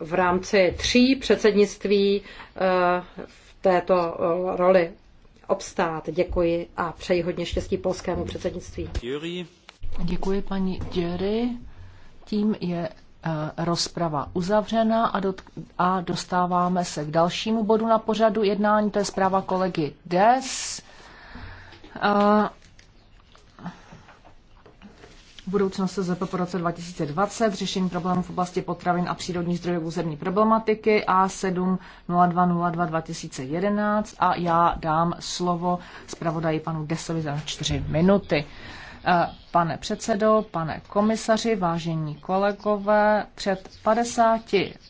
v rámci tří předsednictví eh, v této eh, roli obstát. Děkuji a přeji hodně štěstí polskému předsednictví. Děkuji paní Děry. Tím je eh, rozprava uzavřena a, do, a dostáváme se k dalšímu bodu na pořadu jednání, to je zpráva kolegy Des budoucnost SZP po roce 2020, řešení problémů v oblasti potravin a přírodních zdrojů územní problematiky a 7.02.02.2011 a já dám slovo zpravodaji panu Desovi za čtyři minuty. Eh, pane předsedo, pane komisaři, vážení kolegové, před 50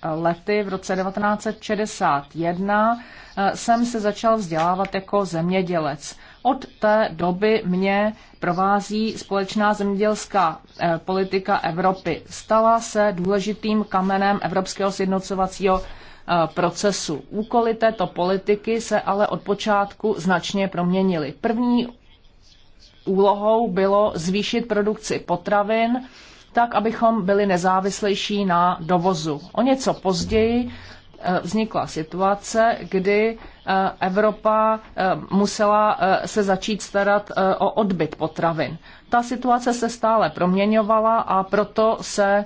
lety v roce 1961 eh, jsem se začal vzdělávat jako zemědělec. Od té doby mě provází společná zemědělská eh, politika Evropy. Stala se důležitým kamenem evropského sjednocovacího eh, procesu. Úkoly této politiky se ale od počátku značně proměnily. První úlohou bylo zvýšit produkci potravin, tak abychom byli nezávislejší na dovozu. O něco později Eh, vznikla situace, kdy eh, Evropa eh, musela se začít starat o odbyt potravin. Ta situace se stále proměňovala a proto se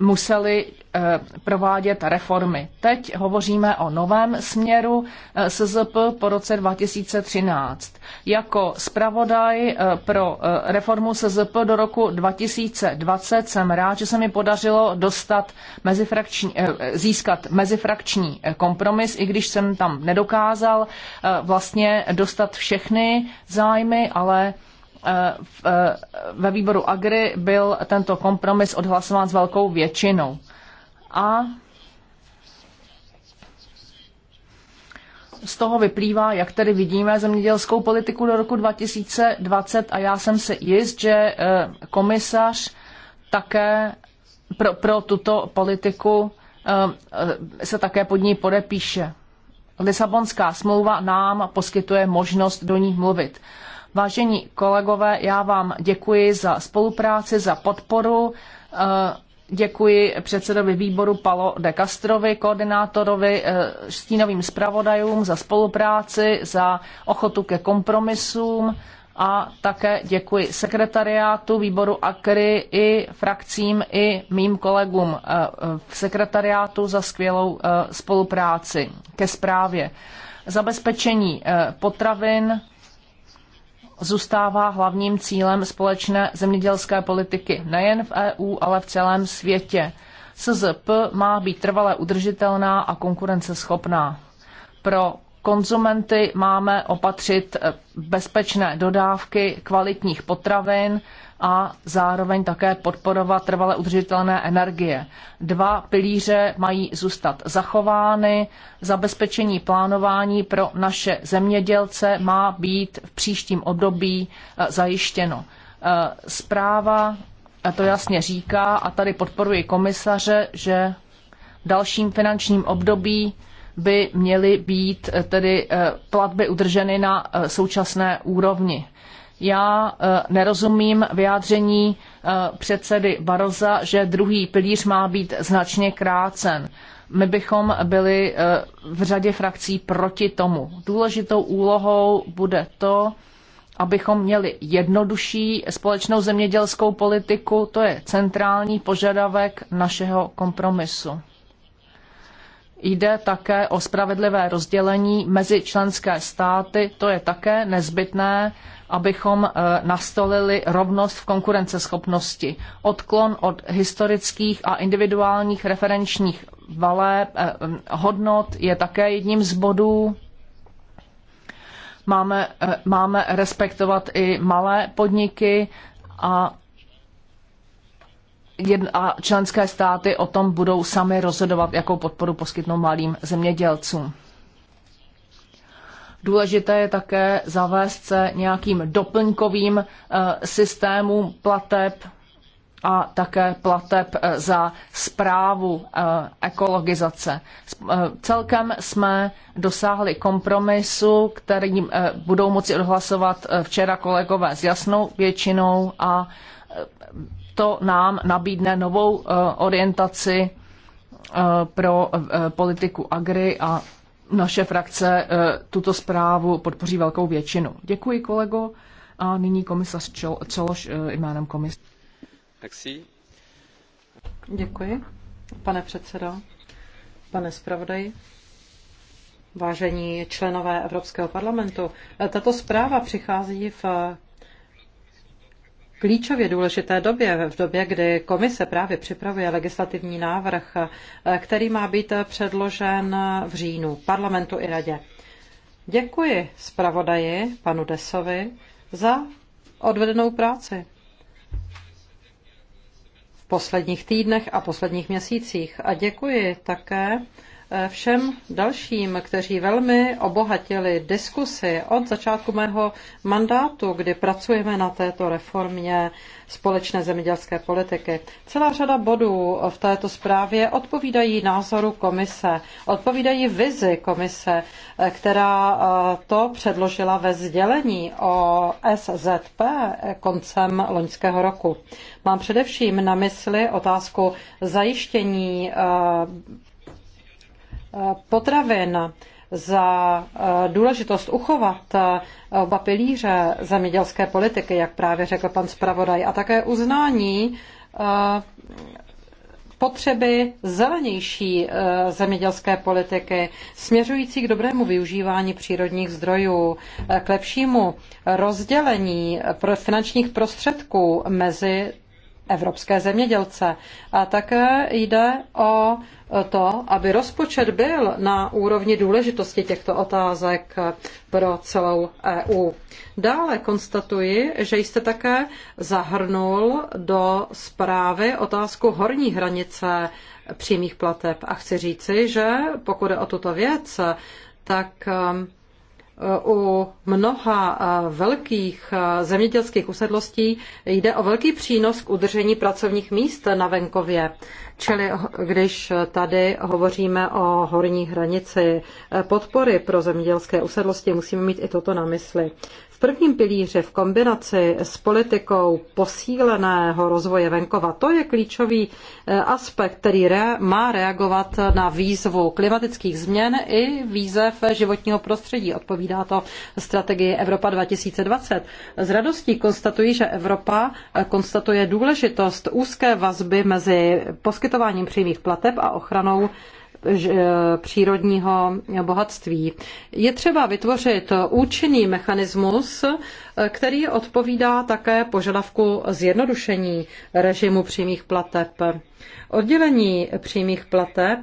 museli eh, provádět reformy. Teď hovoříme o novém směru eh, SZP po roce 2013. Jako zpravodaj eh, pro reformu SZP do roku 2020 jsem rád, že se mi podařilo dostat mezifrakční, získat mezifrakční kompromis, i když jsem tam nedokázal vlastně dostat všechny zájmy, ale Eh, eh, ve výboru Agri byl tento kompromis odhlasován s velkou většinou. A z toho vyplývá, jak tedy vidíme zemědělskou politiku do roku 2020 a já jsem si jist, že eh, komisař také pro, pro tuto politiku se také pod ní podepíše. Lisabonská smlouva nám poskytuje možnost do ní mluvit. Vážení kolegové, já vám děkuji za spolupráci, za podporu. Eh, děkuji předsedovi výboru Palo de Castrovi, koordinátorovi, eh, stínovým zpravodajům za spolupráci, za ochotu ke kompromisům a také děkuji sekretariátu výboru AKRY i frakcím i mým kolegům eh, v sekretariátu za skvělou spolupráci ke zprávě. Zabezpečení potravin zůstává hlavním cílem společné zemědělské politiky nejen v EU, ale v celém světě. SZP má být trvale udržitelná a konkurenceschopná. Pro konzumenty máme opatřit bezpečné dodávky kvalitních potravin, a zároveň také podporovat trvale udržitelné energie. Dva pilíře mají zůstat zachovány. Zabezpečení plánování pro naše zemědělce má být v příštím období e, zajištěno. E, zpráva e, to jasně říká a tady podporuji komisaře, že v dalším finančním období by měly být tedy platby udrženy na současné úrovni. Já eh, nerozumím vyjádření eh, předsedy Baroza, že druhý pilíř má být značně krácen. My bychom byli eh, v řadě frakcí proti tomu. Důležitou úlohou bude to, abychom měli jednodušší společnou zemědělskou politiku. To je centrální požadavek našeho kompromisu. Jde také o spravedlivé rozdělení mezi členské státy, to je také nezbytné abychom eh, nastolili rovnost v konkurenceschopnosti. Odklon od historických a individuálních referenčních valé eh, hodnot je také jedním z bodů máme, eh, máme respektovat i malé podniky a, a členské státy o tom budou sami rozhodovat, jakou podporu poskytnou malým zemědělcům. Důležité je také zavést se nějakým doplňkovým eh, systémům plateb a také plateb eh, za zprávu eh, ekologizace. Celkem jsme dosáhli kompromisu, který budou moci odhlasovat včera kolegové s jasnou většinou a to nám nabídne novou orientaci pro politiku Agri a naše frakce eh, tuto zprávu podpoří velkou většinu. Děkuji, kolego. A nyní komisař Čološ eh, jménem komise. Děkuji, pane předsedo, pane zpravodaj, vážení členové Evropského parlamentu. Eh, tato zpráva přichází v klíčově důležité době, v době, kdy komise právě připravuje legislativní návrh, který má být předložen v říjnu parlamentu i radě. Děkuji zpravodaji, panu Desovi, za odvedenou práci. V posledních týdnech a posledních měsících. A děkuji také všem dalším, kteří velmi obohatili diskusy od začátku mého mandátu, kdy pracujeme na této reformě společné zemědělské politiky. Celá řada bodů v této zprávě odpovídají názoru komise, odpovídají vizi komise, která eh, to předložila ve sdělení o SZP koncem loňského roku. Mám především na mysli otázku zajištění eh, potravin, za eh, důležitost uchovat eh, oba pilíře zemědělské politiky, jak právě řekl pan zpravodaj, a také uznání eh, potřeby zelenější zemědělské politiky, směřující k dobrému využívání přírodních zdrojů, k lepšímu rozdělení finančních prostředků mezi evropské zemědělce. A také jde o to, aby rozpočet byl na úrovni důležitosti těchto otázek pro celou EU. Dále konstatuji, že jste také zahrnul do zprávy otázku horní hranice přímých plateb. A chci říci, že pokud je o tuto věc, tak um, u mnoha eh, velkých eh, zemědělských usedlostí jde o velký přínos k udržení pracovních míst na venkově. Čili když tady hovoříme o horní hranici eh, podpory pro zemědělské usedlosti, musíme mít i toto na mysli prvním pilíři v kombinaci s politikou posíleného rozvoje venkova, to je klíčový eh, aspekt, který re, má reagovat na výzvu klimatických změn i výzev životního prostředí. Odpovídá to strategii Evropa 2020. S radostí konstatují, že Evropa eh, konstatuje důležitost úzké vazby mezi poskytováním přímých plateb a ochranou Eh, přírodního bohatství. Je třeba vytvořit účinný mechanismus, eh, který odpovídá také požadavku zjednodušení režimu přímých plateb. Oddělení přímých plateb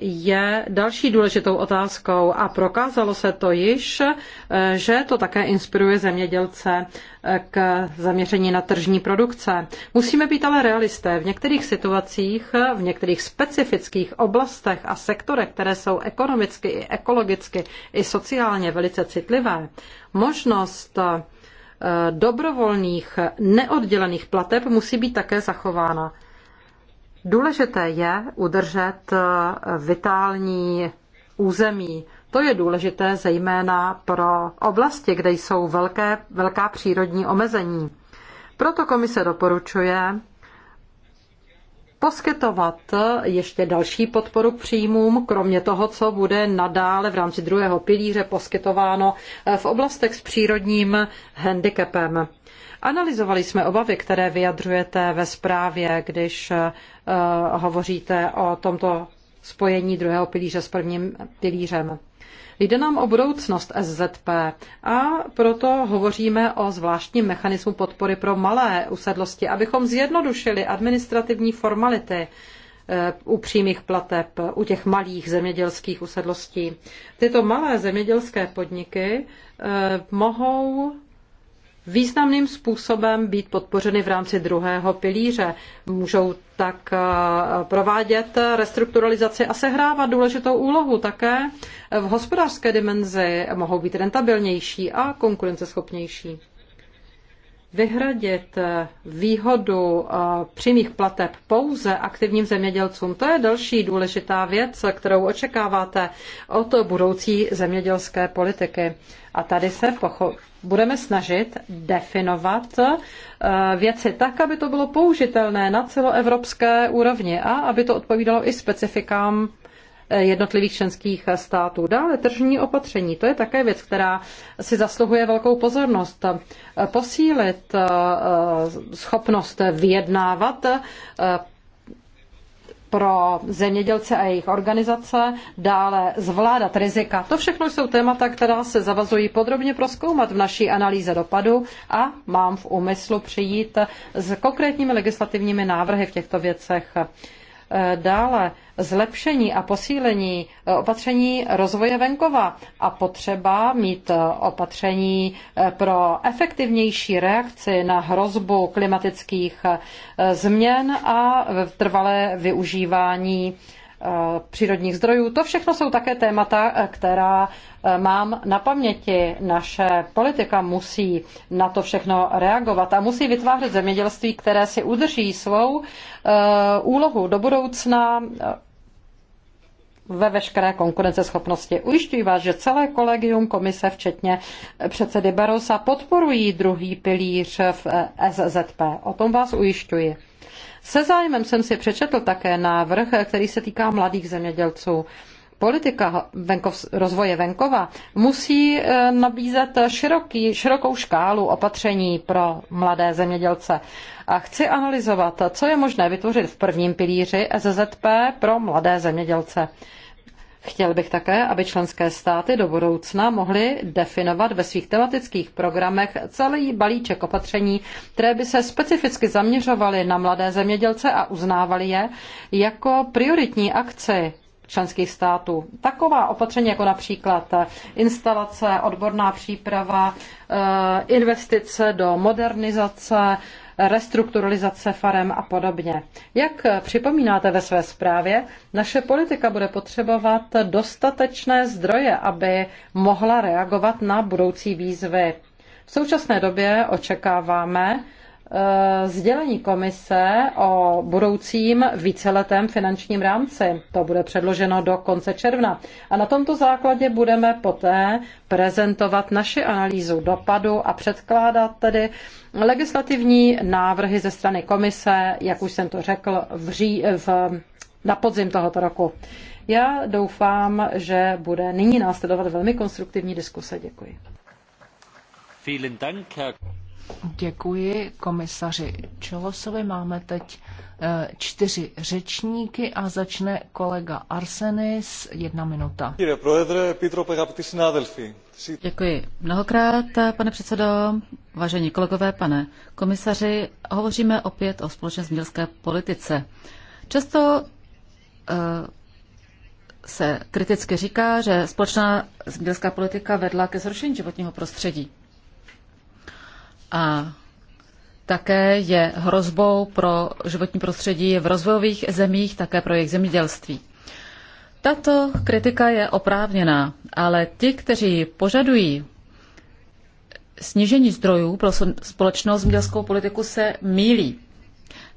je další důležitou otázkou a prokázalo se to již, eh, že to také inspiruje zemědělce eh, k zaměření na tržní produkce. Musíme být ale realisté. V některých situacích, eh, v některých specifických oblastech a sektorech, které jsou ekonomicky i ekologicky i sociálně velice citlivé, možnost dobrovolných neoddělených plateb musí být také zachována. Důležité je udržet eh, vitální území. To je důležité zejména pro oblasti, kde jsou velké, velká přírodní omezení. Proto komise doporučuje poskytovat ještě další podporu k příjmům, kromě toho, co bude nadále v rámci druhého pilíře poskytováno eh, v oblastech s přírodním handicapem. Analyzovali jsme obavy, které vyjadřujete ve zprávě, když eh, hovoříte o tomto spojení druhého pilíře s prvním pilířem. Jde nám o budoucnost SZP a proto hovoříme o zvláštním mechanismu podpory pro malé usedlosti, abychom zjednodušili administrativní formality eh, u přímých plateb u těch malých zemědělských usedlostí. Tyto malé zemědělské podniky eh, mohou významným způsobem být podpořeny v rámci druhého pilíře. Můžou tak eh, provádět restrukturalizaci a sehrávat důležitou úlohu také v hospodářské dimenzi, mohou být rentabilnější a konkurenceschopnější vyhradit eh, výhodu eh, přímých plateb pouze aktivním zemědělcům, to je další důležitá věc, kterou očekáváte od budoucí zemědělské politiky. A tady se pocho- budeme snažit definovat eh, věci tak, aby to bylo použitelné na celoevropské úrovni a aby to odpovídalo i specifikám Eh, jednotlivých členských eh, států. Dále tržní opatření, to je také věc, která si zasluhuje velkou pozornost. Eh, posílit schopnost vyjednávat pro zemědělce a jejich organizace, dále zvládat rizika. To všechno jsou témata, která se zavazují podrobně proskoumat v naší analýze dopadu a mám v úmyslu přijít s konkrétními legislativními návrhy v těchto věcech. Eh, dále zlepšení a posílení eh, opatření rozvoje venkova a potřeba mít eh, opatření pro efektivnější reakci na hrozbu klimatických změn a trvalé využívání Eh, přírodních zdrojů. To všechno jsou také témata, eh, která eh, mám na paměti. Naše politika musí na to všechno reagovat a musí vytvářet zemědělství, které si udrží svou úlohu do budoucna ve veškeré konkurenceschopnosti. Ujišťuji vás, že celé kolegium komise, včetně předsedy Barosa, podporují druhý pilíř v SZP. O tom vás ujišťuji. Se zájmem jsem si přečetl také návrh, který se týká mladých zemědělců. Politika venkov, rozvoje venkova musí eh, nabízet široký, širokou škálu opatření pro mladé zemědělce. A chci analyzovat, co je možné vytvořit v prvním pilíři SZP pro mladé zemědělce. Chtěl bych také, aby členské státy do budoucna mohly definovat ve svých tematických programech celý balíček opatření, které by se specificky zaměřovaly na mladé zemědělce a uznávaly je jako prioritní akci členských států. Taková opatření jako například eh, instalace, odborná příprava, eh, investice do modernizace, restrukturalizace farem a podobně. Jak připomínáte ve své zprávě, naše politika bude potřebovat dostatečné zdroje, aby mohla reagovat na budoucí výzvy. V současné době očekáváme, Eh, sdělení komise o budoucím víceletém finančním rámci. To bude předloženo do konce června. A na tomto základě budeme poté prezentovat naši analýzu dopadu a předkládat tedy legislativní návrhy ze strany komise, jak už jsem to řekl, v ří, v, na podzim tohoto roku. Já doufám, že bude nyní následovat velmi konstruktivní diskuse. Děkuji. Vielen Dank, Herr Děkuji komisaři Čelosovi. Máme teď eh, čtyři řečníky a začne kolega Arsenis. Jedna minuta. Děkuji mnohokrát, pane předsedo, vážení kolegové, pane komisaři. Hovoříme opět o společné zemědělské politice. Často uh, se kriticky říká, že společná zemědělská politika vedla ke zhoršení životního prostředí a také je hrozbou pro životní prostředí v rozvojových zemích, také pro jejich zemědělství. Tato kritika je oprávněná, ale ti, kteří požadují snížení zdrojů pro společnou zemědělskou politiku, se mílí.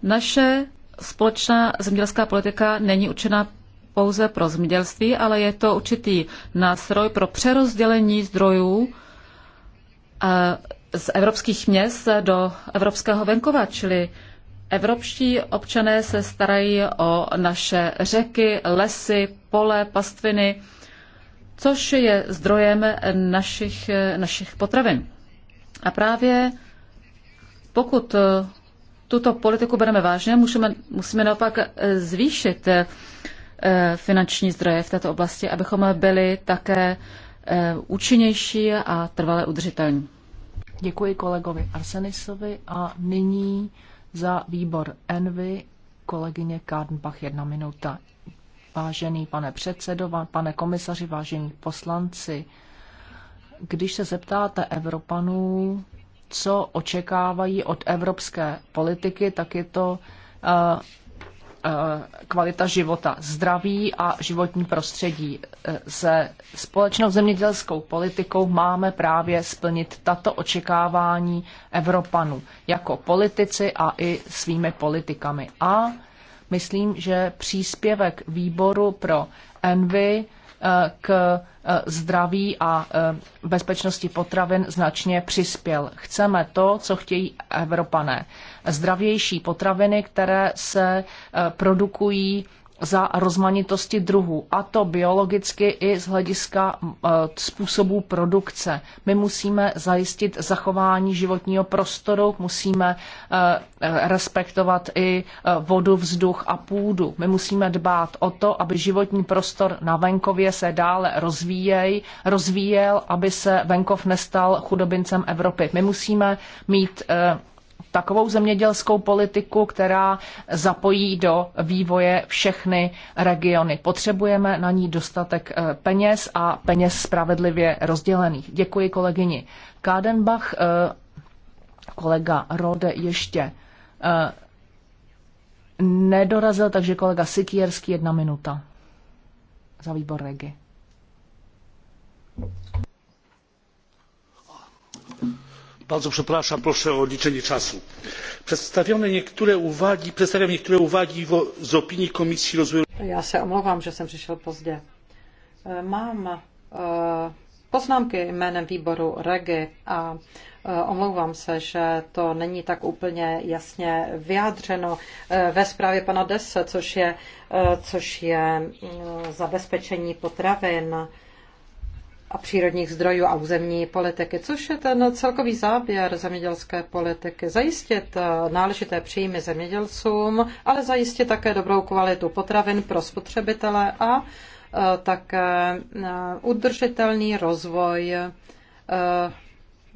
Naše společná zemědělská politika není určena pouze pro zemědělství, ale je to určitý nástroj pro přerozdělení zdrojů z evropských měst do evropského venkova, čili evropští občané se starají o naše řeky, lesy, pole, pastviny, což je zdrojem našich, našich potravin. A právě pokud tuto politiku bereme vážně, musíme, musíme naopak zvýšit eh, finanční zdroje v této oblasti, abychom byli také eh, účinnější a trvale udržitelní. Děkuji kolegovi Arsenisovi a nyní za výbor Envy kolegyně Kádenbach jedna minuta. Vážený pane předsedo, pane komisaři, vážení poslanci, když se zeptáte Evropanů, co očekávají od evropské politiky, tak je to eh, Eh, kvalita života, zdraví a životní prostředí. Eh, se společnou zemědělskou politikou máme právě splnit tato očekávání Evropanů jako politici a i svými politikami. A myslím, že příspěvek výboru pro Envy k eh, zdraví a eh, bezpečnosti potravin značně přispěl. Chceme to, co chtějí Evropané. Zdravější potraviny, které se eh, produkují za rozmanitosti druhů, a to biologicky i z hlediska e, způsobů produkce. My musíme zajistit zachování životního prostoru, musíme e, e, respektovat i vodu, vzduch a půdu. My musíme dbát o to, aby životní prostor na venkově se dále rozvíjej, rozvíjel, aby se venkov nestal chudobincem Evropy. My musíme mít takovou zemědělskou politiku, která zapojí do vývoje všechny regiony. Potřebujeme na ní dostatek eh, peněz a peněz spravedlivě rozdělených. Děkuji kolegyni Kádenbach. Eh, kolega Rode ještě eh, nedorazil, takže kolega Sikierský jedna minuta za výbor Regi bardzo przepraszam o liczenie czasu. przedstawiam niektóre uwagi, przedstawiam niektóre uwagi z opinii komisji rozwoju. já se omlouvám že jsem přišel pozdě. E, mám e, poznámky jménem výboru regi a e, omlouvám se, že to není tak úplně jasně vyjádřeno ve zprávě pana Desse, což je, což je mm, zabezpečení potravin a přírodních zdrojů a územní politiky, což je ten celkový záběr zemědělské politiky. Zajistit eh, náležité příjmy zemědělcům, ale zajistit také dobrou kvalitu potravin pro spotřebitele a eh, také eh, udržitelný rozvoj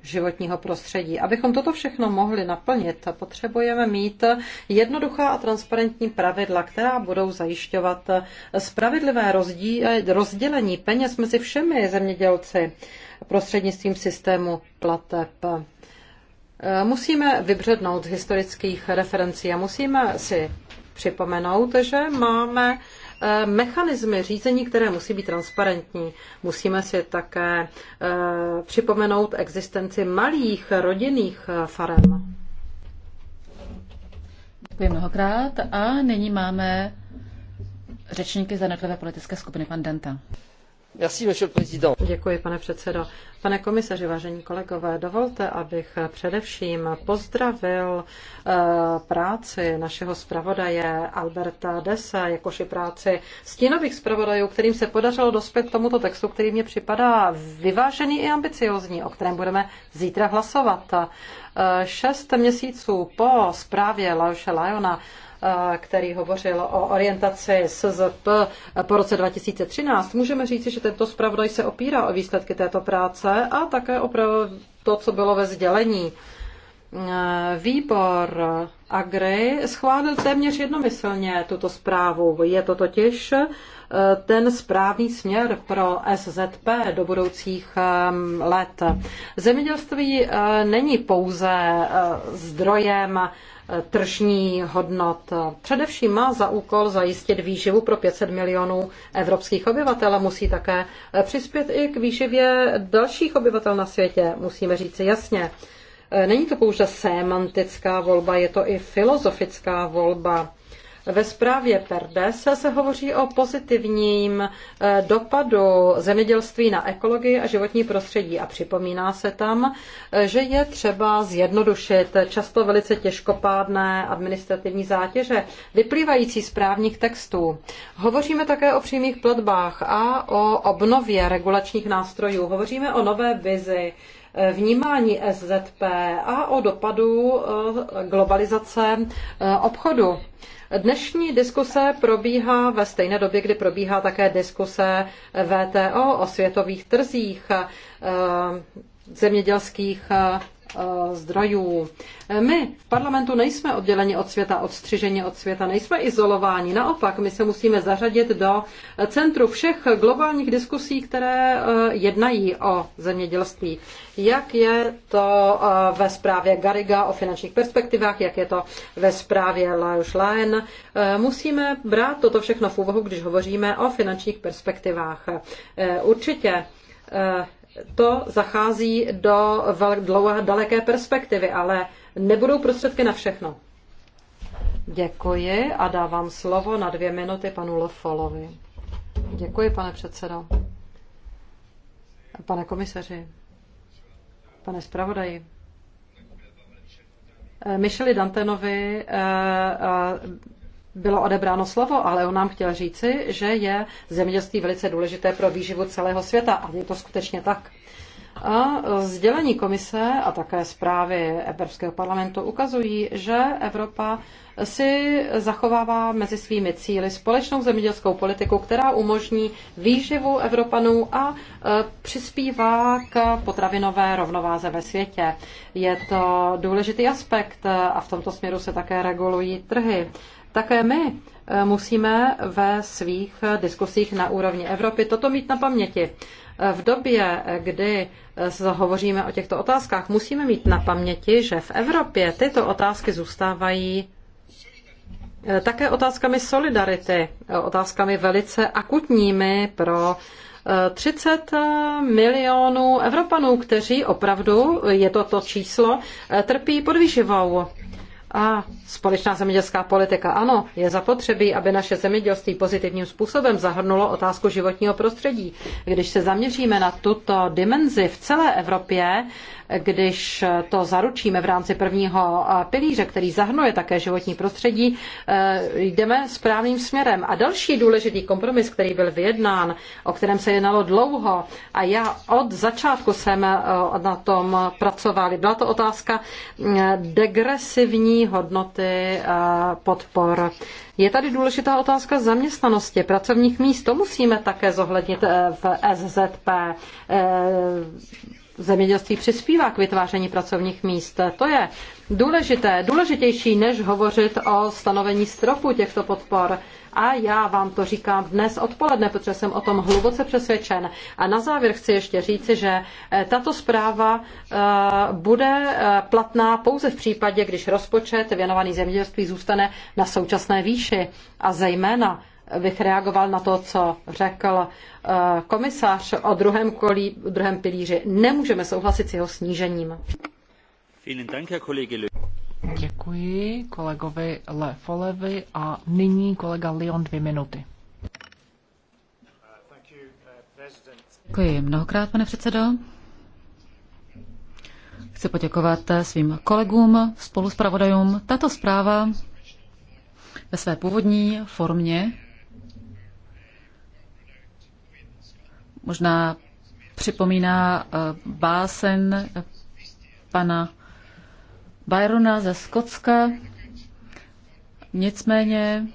životního prostředí. Abychom toto všechno mohli naplnit, potřebujeme mít jednoduchá a transparentní pravidla, která budou zajišťovat spravedlivé rozdělení peněz mezi všemi zemědělci prostřednictvím systému plateb. Musíme vybřednout z historických referencí a musíme si připomenout, že máme Eh, mechanismy řízení, které musí být transparentní. Musíme si také eh, připomenout existenci malých rodinných eh, farem. Děkuji mnohokrát a nyní máme řečníky za jednotlivé politické skupiny. Pan Denta. Děkuji, pane předsedo. Pane komisaři, vážení kolegové, dovolte, abych především pozdravil eh, práci našeho zpravodaje Alberta Desa, jakož i práci stínových zpravodajů, kterým se podařilo dospět k tomuto textu, který mě připadá vyvážený i ambiciozní, o kterém budeme zítra hlasovat. Eh, šest měsíců po zprávě Laoše Lajona který hovořil o orientaci SZP po roce 2013, můžeme říci, že tento zpravodaj se opírá o výsledky této práce a také o to, co bylo ve sdělení výbor Agri schválil téměř jednomyslně tuto zprávu. Je to totiž eh, ten správný směr pro SZP do budoucích ehm, let. Zemědělství eh, není pouze eh, zdrojem tržní hodnot. Především má za úkol zajistit výživu pro 500 milionů evropských obyvatel a musí také přispět i k výživě dalších obyvatel na světě, musíme říci jasně. Eh, není to pouze semantická volba, je to i filozofická volba. Ve zprávě Perdes se hovoří o pozitivním eh, dopadu zemědělství na ekologii a životní prostředí a připomíná se tam, eh, že je třeba zjednodušit často velice těžkopádné administrativní zátěže vyplývající z právních textů. Hovoříme také o přímých platbách a o obnově regulačních nástrojů. Hovoříme o nové vizi vnímání SZP a o dopadu eh, globalizace eh, obchodu. Dnešní diskuse probíhá ve stejné době, kdy probíhá také diskuse VTO o světových trzích eh, zemědělských Eh, zdrojů. My v parlamentu nejsme odděleni od světa, odstřiženi od světa, nejsme izolováni. Naopak, my se musíme zařadit do centru všech globálních diskusí, které eh, jednají o zemědělství. Jak je to eh, ve zprávě Gariga o finančních perspektivách, jak je to ve zprávě Lajos Lajen. Musíme brát toto všechno v úvahu, když hovoříme o finančních perspektivách. Určitě to zachází do dlouhé, daleké perspektivy, ale nebudou prostředky na všechno. Děkuji a dávám slovo na dvě minuty panu Lofolovi. Děkuji, pane předsedo. Pane komisaři, pane zpravodaji. Eh, Micheli Dantenovi eh, eh, bylo odebráno slovo, ale on nám chtěl říci, že je zemědělství velice důležité pro výživu celého světa a je to skutečně tak. A e, sdělení komise a také zprávy Evropského parlamentu ukazují, že Evropa si zachovává mezi svými cíly společnou zemědělskou politiku, která umožní výživu Evropanů a e, přispívá k potravinové rovnováze ve světě. Je to důležitý aspekt a v tomto směru se také regulují trhy. Také my eh, musíme ve svých diskusích na úrovni Evropy toto mít na paměti. Eh, v době, eh, kdy hovoříme o těchto otázkách, musíme mít na paměti, že v Evropě tyto otázky zůstávají také otázkami solidarity, otázkami velice akutními pro 30 milionů Evropanů, kteří opravdu, je to to číslo, trpí podvýživou. A společná zemědělská politika, ano, je zapotřebí, aby naše zemědělství pozitivním způsobem zahrnulo otázku životního prostředí. Když se zaměříme na tuto dimenzi v celé Evropě, když to zaručíme v rámci prvního eh, pilíře, který zahrnuje také životní prostředí, eh, jdeme správným směrem. A další důležitý kompromis, který byl vyjednán, o kterém se jednalo dlouho, a já od začátku jsem eh, na tom pracovali. Byla to otázka mm, degresivní hodnoty podpor. Je tady důležitá otázka zaměstnanosti, pracovních míst. To musíme také zohlednit v SZP zemědělství přispívá k vytváření pracovních míst. To je důležité, důležitější, než hovořit o stanovení stropu těchto podpor. A já vám to říkám dnes odpoledne, protože jsem o tom hluboce přesvědčen. A na závěr chci ještě říci, že eh, tato zpráva eh, bude eh, platná pouze v případě, když rozpočet věnovaný zemědělství zůstane na současné výši. A zejména bych reagoval na to, co řekl eh, komisař o druhém, kolí, druhém pilíři. Nemůžeme souhlasit s jeho snížením. Děkuji kolegovi Le Folevi a nyní kolega Leon dvě minuty. Děkuji mnohokrát, pane předsedo. Chci poděkovat svým kolegům, spoluspravodajům. Tato zpráva ve své původní formě možná připomíná eh, básen pana Byrona ze Skotska. Nicméně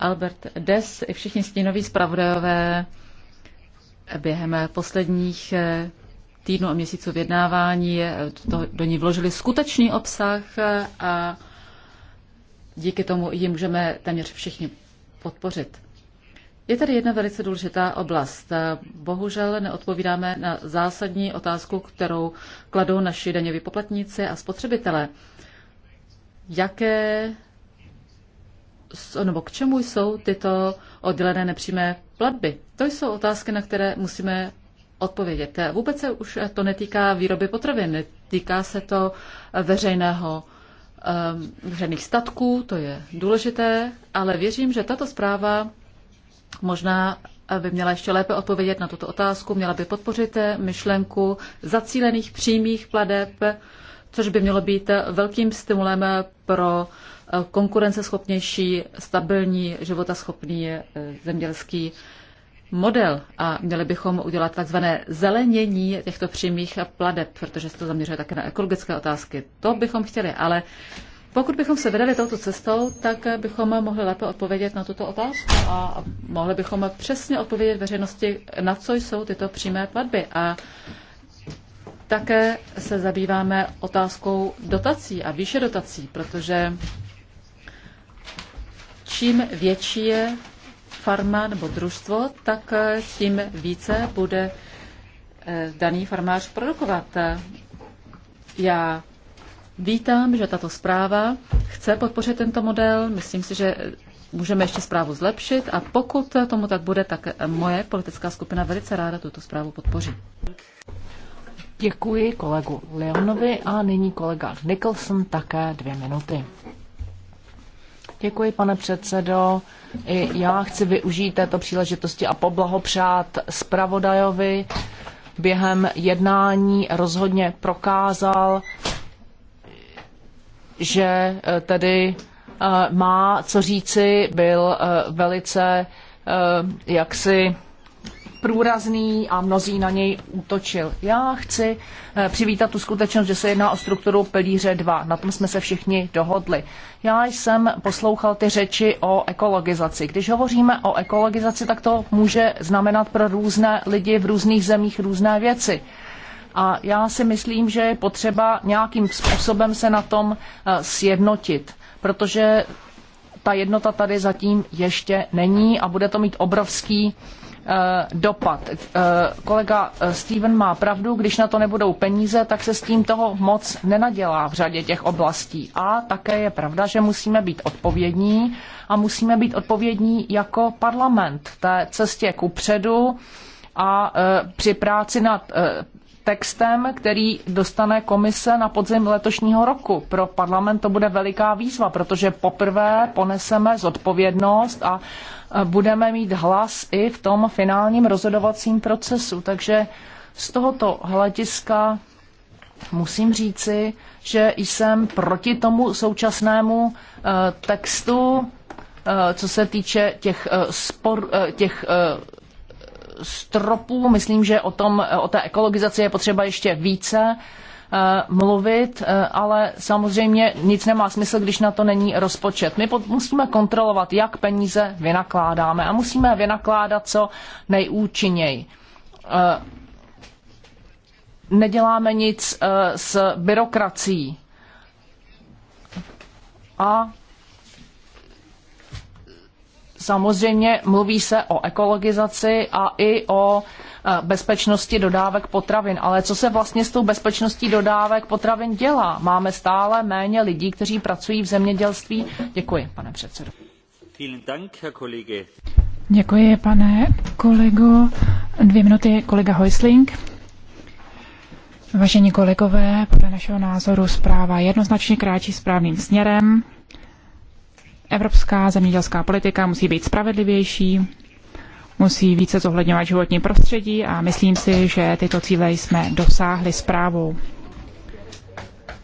Albert Des i všichni stínoví zpravodajové během posledních eh, týdnu a měsíců vyjednávání, eh, to, do ní vložili skutečný obsah a díky tomu ji můžeme téměř všichni podpořit. Je tady jedna velice důležitá oblast. Bohužel neodpovídáme na zásadní otázku, kterou kladou naši daňoví poplatníci a spotřebitelé. Jaké nebo k čemu jsou tyto oddělené nepřímé platby? To jsou otázky, na které musíme odpovědět. Vůbec se už to netýká výroby potravin, týká se to veřejného ehm, veřejných statků, to je důležité, ale věřím, že tato zpráva Možná by měla ještě lépe odpovědět na tuto otázku. Měla by podpořit myšlenku zacílených přímých pladeb, což by mělo být velkým stimulem pro konkurenceschopnější, stabilní, životaschopný eh, zemědělský model a měli bychom udělat takzvané zelenění těchto přímých pladeb, protože se to zaměřuje také na ekologické otázky. To bychom chtěli, ale pokud bychom se vydali touto cestou, tak bychom mohli lépe odpovědět na tuto otázku a mohli bychom přesně odpovědět veřejnosti, na co jsou tyto přímé platby. A také se zabýváme otázkou dotací a výše dotací, protože čím větší je farma nebo družstvo, tak tím více bude eh, daný farmář produkovat. Já Vítám, že tato zpráva chce podpořit tento model. Myslím si, že můžeme ještě zprávu zlepšit a pokud tomu tak bude, tak moje politická skupina velice ráda tuto zprávu podpoří. Děkuji kolegu Leonovi a nyní kolega Nicholson také dvě minuty. Děkuji, pane předsedo. I já chci využít této příležitosti a poblahopřát zpravodajovi. Během jednání rozhodně prokázal, že eh, tedy eh, má co říci, byl eh, velice jaksi průrazný a mnozí na něj útočil. Já chci přivítat tu skutečnost, že se jedná o strukturu pilíře 2. Na tom jsme se všichni dohodli. Já jsem poslouchal ty řeči o ekologizaci. Když hovoříme o ekologizaci, tak to může znamenat pro různé lidi v různých zemích různé věci. A já si myslím, že je potřeba nějakým způsobem se na tom eh, sjednotit, protože ta jednota tady zatím ještě není a bude to mít obrovský eh, dopad. Eh, kolega Steven má pravdu, když na to nebudou peníze, tak se s tím toho moc nenadělá v řadě těch oblastí. A také je pravda, že musíme být odpovědní a musíme být odpovědní jako parlament té cestě ku předu a při práci nad textem, který dostane komise na podzim letošního roku. Pro parlament to bude veliká výzva, protože poprvé poneseme zodpovědnost a e, budeme mít hlas i v tom finálním rozhodovacím procesu. Takže z tohoto hlediska musím říci, že jsem proti tomu současnému e, textu, e, co se týče těch, spor, těch stropů. Myslím, že o, tom, o té ekologizaci je potřeba ještě více eh, mluvit, eh, ale samozřejmě nic nemá smysl, když na to není rozpočet. My musíme kontrolovat, jak peníze vynakládáme a musíme vynakládat co nejúčinněji. Eh, neděláme nic s byrokracií. A Samozřejmě mluví se o ekologizaci a i o e, bezpečnosti dodávek potravin. Ale co se vlastně s tou bezpečností dodávek potravin dělá? Máme stále méně lidí, kteří pracují v zemědělství. Děkuji, pane předsedo. Děkuji, pane kolego. Dvě minuty, kolega Heusling. Vážení kolegové, podle našeho názoru zpráva jednoznačně kráčí správným směrem. Evropská zemědělská politika musí být spravedlivější, musí více zohledňovat životní prostředí a myslím si, že tyto cíle jsme dosáhli zprávou.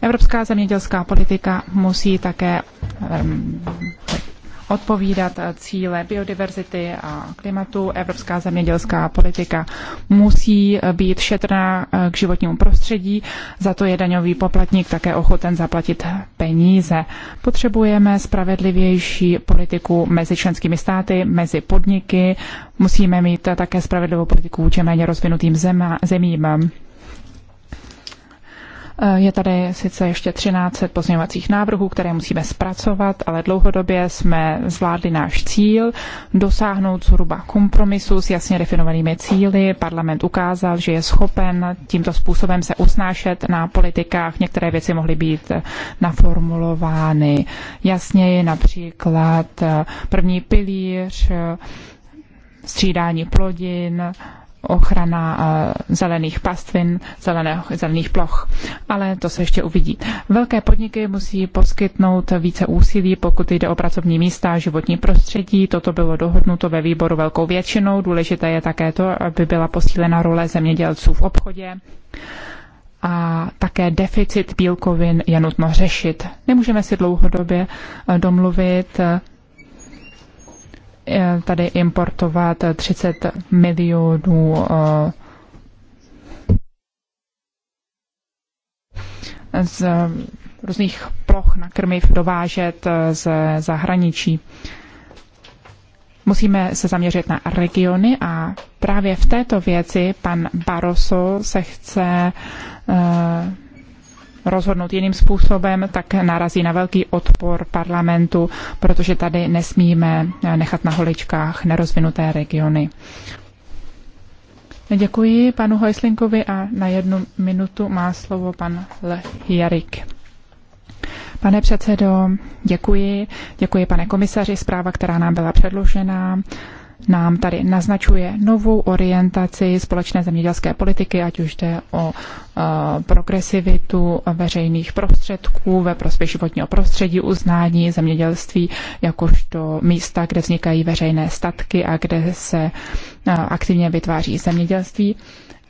Evropská zemědělská politika musí také um, odpovídat eh, cíle biodiverzity a klimatu. Evropská zemědělská politika musí eh, být šetrná eh, k životnímu prostředí, za to je daňový poplatník také ochoten zaplatit peníze. Potřebujeme spravedlivější politiku mezi členskými státy, mezi podniky, musíme mít také spravedlivou politiku vůči méně rozvinutým zemím. Je tady sice ještě 13 pozměňovacích návrhů, které musíme zpracovat, ale dlouhodobě jsme zvládli náš cíl dosáhnout zhruba kompromisu s jasně definovanými cíly. Parlament ukázal, že je schopen tímto způsobem se usnášet na politikách. Některé věci mohly být naformulovány jasněji, například první pilíř, střídání plodin, ochrana eh, zelených pastvin, zelených, zelených ploch. Ale to se ještě uvidí. Velké podniky musí poskytnout více úsilí, pokud jde o pracovní místa a životní prostředí. Toto bylo dohodnuto ve výboru velkou většinou. Důležité je také to, aby byla posílena role zemědělců v obchodě a také deficit bílkovin je nutno řešit. Nemůžeme si dlouhodobě eh, domluvit eh, Eh, tady importovat 30 milionů eh, z různých ploch na krmiv dovážet eh, z zahraničí. Musíme se zaměřit na regiony a právě v této věci pan Barroso se chce rozhodnout jiným způsobem, tak narazí na velký odpor parlamentu, protože tady nesmíme nechat na holičkách nerozvinuté regiony. Děkuji panu Hojslinkovi a na jednu minutu má slovo pan Jarik. Pane předsedo, děkuji. Děkuji, pane komisaři, zpráva, která nám byla předložena nám tady naznačuje novou orientaci společné zemědělské politiky, ať už jde o eh, progresivitu veřejných prostředků ve prospěch životního prostředí, uznání zemědělství jakožto místa, kde vznikají veřejné statky a kde se eh, aktivně vytváří zemědělství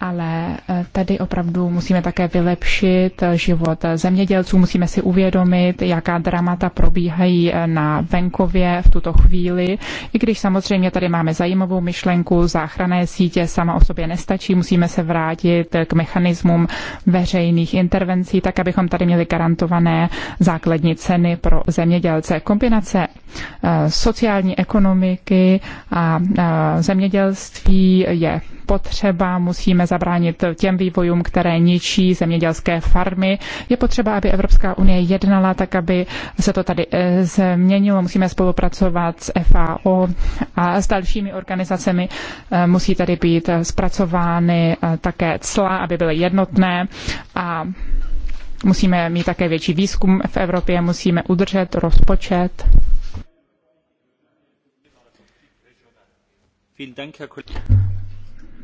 ale eh, tady opravdu musíme také vylepšit eh, život eh, zemědělců, musíme si uvědomit, jaká dramata probíhají na venkově v tuto chvíli. I když samozřejmě tady máme zajímavou myšlenku, záchranné sítě sama o sobě nestačí, musíme se vrátit k mechanismům veřejných intervencí, tak abychom tady měli garantované základní ceny pro zemědělce. Kombinace sociální ekonomiky a zemědělství je potřeba, musíme zabránit těm vývojům, které ničí zemědělské farmy. Je potřeba, aby Evropská unie jednala tak, aby se to tady eh, změnilo. Musíme spolupracovat s FAO a s dalšími organizacemi. Eh, musí tady být zpracovány eh, také cla, aby byly jednotné a musíme mít také větší výzkum v Evropě, musíme udržet rozpočet.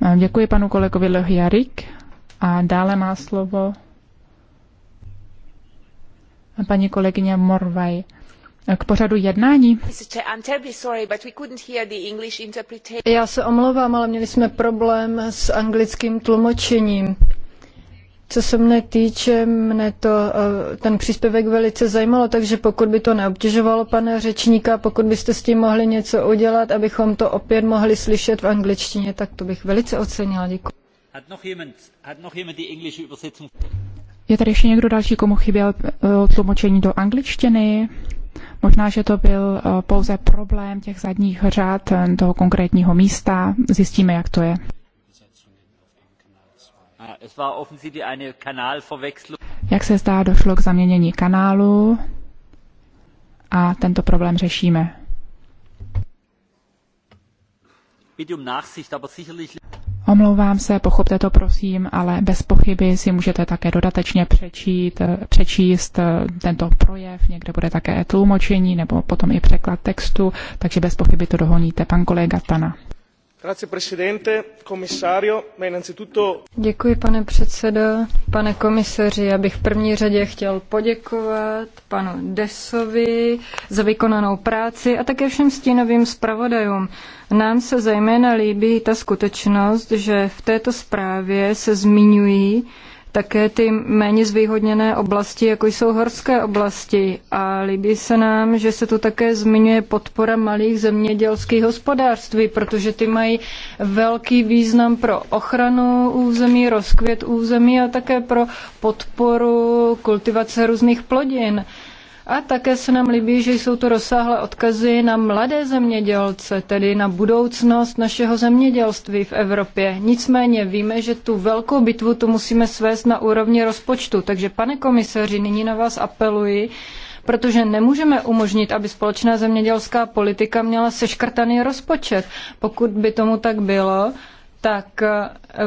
Eh, děkuji panu kolegovi Lohjarik a dále má slovo paní kolegyně Morvaj eh, k pořadu jednání. Já se omlouvám, ale měli jsme problém s anglickým tlumočením. Co se mne týče, mne to, eh, ten příspěvek velice zajímalo, takže pokud by to neobtěžovalo pana řečníka, pokud byste s tím mohli něco udělat, abychom to opět mohli slyšet v angličtině, tak to bych velice ocenila. Děkuji. Je tady ještě někdo další, komu chyběl eh, tlumočení do angličtiny? Možná, že to byl eh, pouze problém těch zadních řád toho konkrétního místa. Zjistíme, jak to je. Jak se zdá, došlo k zaměnění kanálu a tento problém řešíme. Um Omlouvám se, pochopte to prosím, ale bez pochyby si můžete také dodatečně přečít, přečíst tento projev, někde bude také tlumočení nebo potom i překlad textu, takže bez pochyby to dohoníte, pan kolega Tana. Děkuji, pane předsedo. Pane komisaři, já bych v první řadě chtěl poděkovat panu Desovi za vykonanou práci a také všem stínovým zpravodajům. Nám se zejména líbí ta skutečnost, že v této zprávě se zmiňují také ty méně zvýhodněné oblasti, jako jsou horské oblasti. A líbí se nám, že se tu také zmiňuje podpora malých zemědělských hospodářství, protože ty mají velký význam pro ochranu území, rozkvět území a také pro podporu kultivace různých plodin. A také se nám líbí, že jsou to rozsáhlé odkazy na mladé zemědělce, tedy na budoucnost našeho zemědělství v Evropě. Nicméně víme, že tu velkou bitvu to musíme svést na úrovni rozpočtu. Takže pane komisaři, nyní na vás apeluji, protože nemůžeme umožnit, aby společná zemědělská politika měla seškrtaný rozpočet. Pokud by tomu tak bylo, tak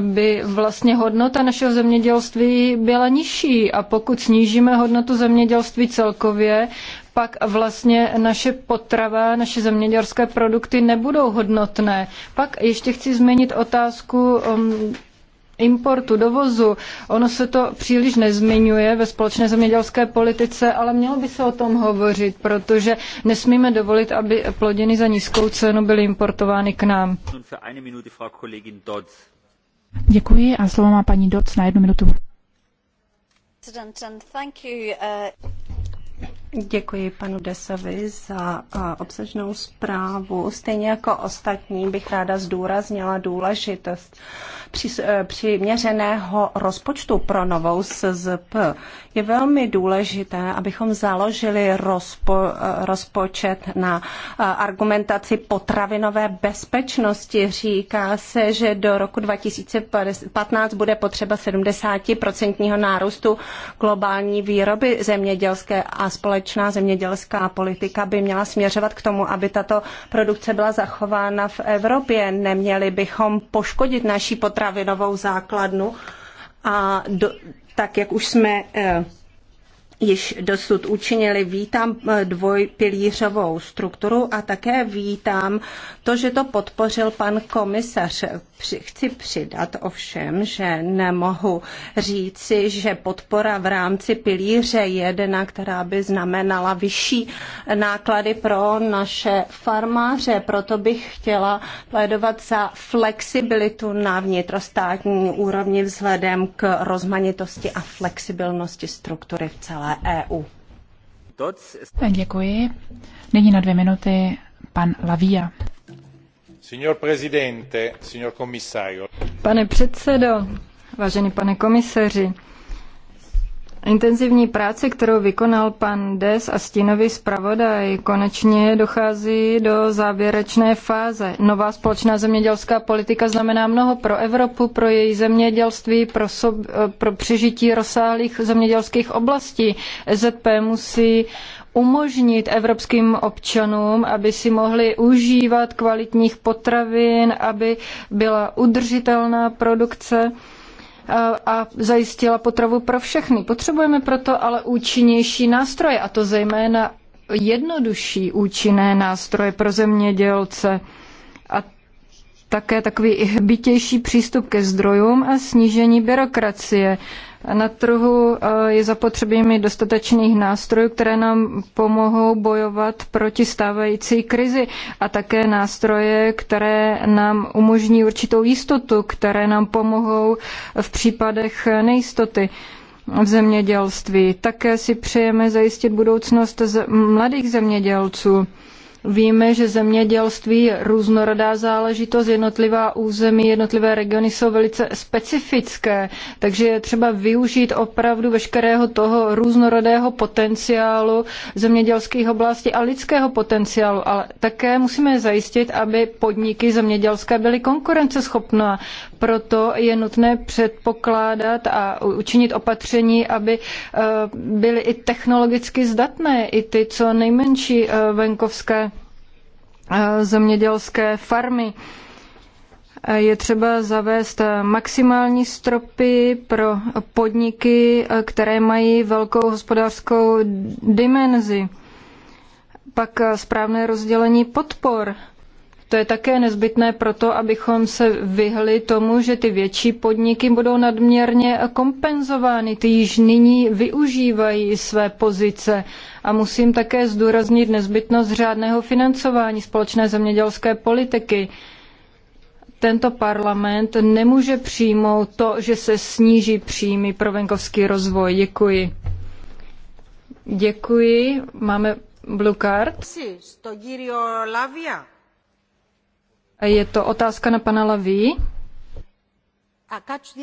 by vlastně hodnota našeho zemědělství byla nižší. A pokud snížíme hodnotu zemědělství celkově, pak vlastně naše potrava, naše zemědělské produkty nebudou hodnotné. Pak ještě chci změnit otázku um, importu, dovozu. Ono se to příliš nezmiňuje ve společné zemědělské politice, ale mělo by se o tom hovořit, protože nesmíme dovolit, aby plodiny za nízkou cenu byly importovány k nám. Děkuji a slovo má paní Doc na jednu minutu. Děkuji panu Desovi za obsažnou zprávu. Stejně jako ostatní bych ráda zdůraznila důležitost Eh, přiměřeného rozpočtu pro novou SZP. Je velmi důležité, abychom založili rozpo, eh, rozpočet na eh, argumentaci potravinové bezpečnosti. Říká se, že do roku 2015 bude potřeba 70% nárůstu globální výroby zemědělské a společná zemědělská politika by měla směřovat k tomu, aby tato produkce byla zachována v Evropě. Neměli bychom poškodit naší potravinovou potravinovou základnu a do, tak, jak už jsme eh, již dosud učinili. Vítám eh, dvojpilířovou strukturu a také vítám to, že to podpořil pan komisař, chci přidat ovšem, že nemohu říci, že podpora v rámci pilíře jedna, která by znamenala vyšší náklady pro naše farmáře. Proto bych chtěla plédovat za flexibilitu na vnitrostátní úrovni vzhledem k rozmanitosti a flexibilnosti struktury v celé EU. Děkuji. Nyní na dvě minuty pan Lavia. Pane předsedající pane komisaři, Intenzivní práce, kterou vykonal pan Des a stínový zpravodaj, konečně dochází do závěrečné fáze. Nová společná zemědělská politika znamená mnoho pro Evropu, pro její zemědělství, pro, přežití rozsáhlých zemědělských oblastí. EZP musí umožnit evropským občanům, aby si mohli užívat kvalitních potravin, aby byla udržitelná produkce a zajistila potravu pro všechny. Potřebujeme proto ale účinnější nástroje, a to zejména jednodušší účinné nástroje pro zemědělce a také takový hbitější přístup ke zdrojům a snížení byrokracie. Na trhu eh, je zapotřebí mít dostatečných nástrojů, které nám pomohou bojovat proti stávající krizi a také nástroje, které nám umožní určitou jistotu, které nám pomohou v případech nejistoty v zemědělství. Také si přejeme zajistit budoucnost mladých zemědělců. Víme, že zemědělství je různorodá záležitost, jednotlivá území, jednotlivé regiony jsou velice specifické, takže je třeba využít opravdu veškerého toho různorodého potenciálu zemědělských oblastí a lidského potenciálu, ale také musíme zajistit, aby podniky zemědělské byly konkurenceschopné, proto je nutné předpokládat a učinit opatření, aby eh, byly i technologicky zdatné, i ty co nejmenší eh, venkovské eh, zemědělské farmy. Je třeba zavést maximální stropy pro podniky, které mají velkou hospodářskou dimenzi. Pak správné rozdělení podpor to je také nezbytné proto, abychom se vyhli tomu, že ty větší podniky budou nadměrně kompenzovány. Ty již nyní využívají své pozice. A musím také zdůraznit nezbytnost řádného financování společné zemědělské politiky tento parlament nemůže přijmout to, že se sníží příjmy pro venkovský rozvoj. Děkuji. Děkuji. Máme blue card. Je to otázka na pana Laví. A catch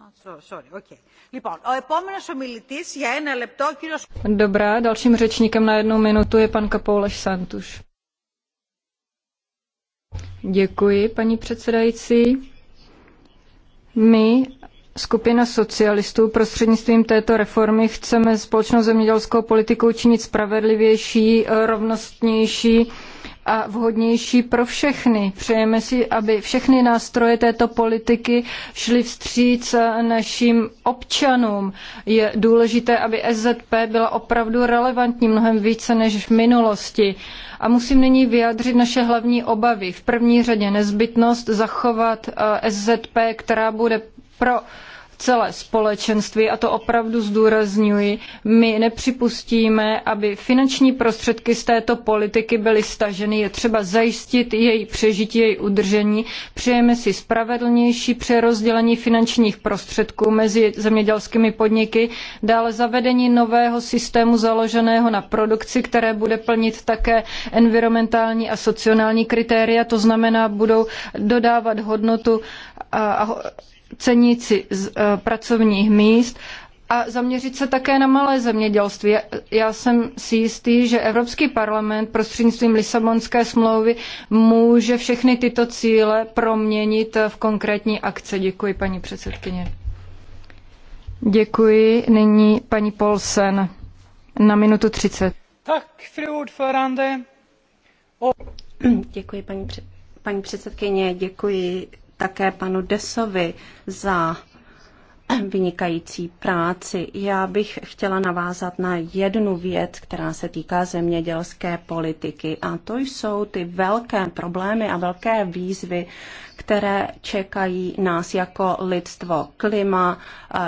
ah, Dobrá, dalším řečníkem na jednu minutu je pan Kapouleš Santuš. Děkuji, paní předsedající. My, skupina socialistů, prostřednictvím této reformy chceme společnou zemědělskou politiku učinit spravedlivější, rovnostnější, a vhodnější pro všechny. Přejeme si, aby všechny nástroje této politiky šly vstříc našim občanům. Je důležité, aby SZP byla opravdu relevantní mnohem více než v minulosti. A musím nyní vyjádřit naše hlavní obavy. V první řadě nezbytnost zachovat eh, SZP, která bude pro celé společenství, a to opravdu zdůrazňuji, my nepřipustíme, aby finanční prostředky z této politiky byly staženy. Je třeba zajistit její přežití, její udržení. Přejeme si spravedlnější přerozdělení finančních prostředků mezi zemědělskými podniky, dále zavedení nového systému založeného na produkci, které bude plnit také environmentální a sociální kritéria, to znamená, budou dodávat hodnotu a ceníci z eh, pracovních míst a zaměřit se také na malé zemědělství. Já jsem si jistý, že Evropský parlament prostřednictvím Lisabonské smlouvy může všechny tyto cíle proměnit eh, v konkrétní akce. Děkuji, paní předsedkyně. Děkuji. Nyní paní Polsen na minutu 30. Tak, fru Děkuji, paní, před, paní předsedkyně. Děkuji také panu Desovi za vynikající práci. Já bych chtěla navázat na jednu věc, která se týká zemědělské politiky a to jsou ty velké problémy a velké výzvy, které čekají nás jako lidstvo. Klima,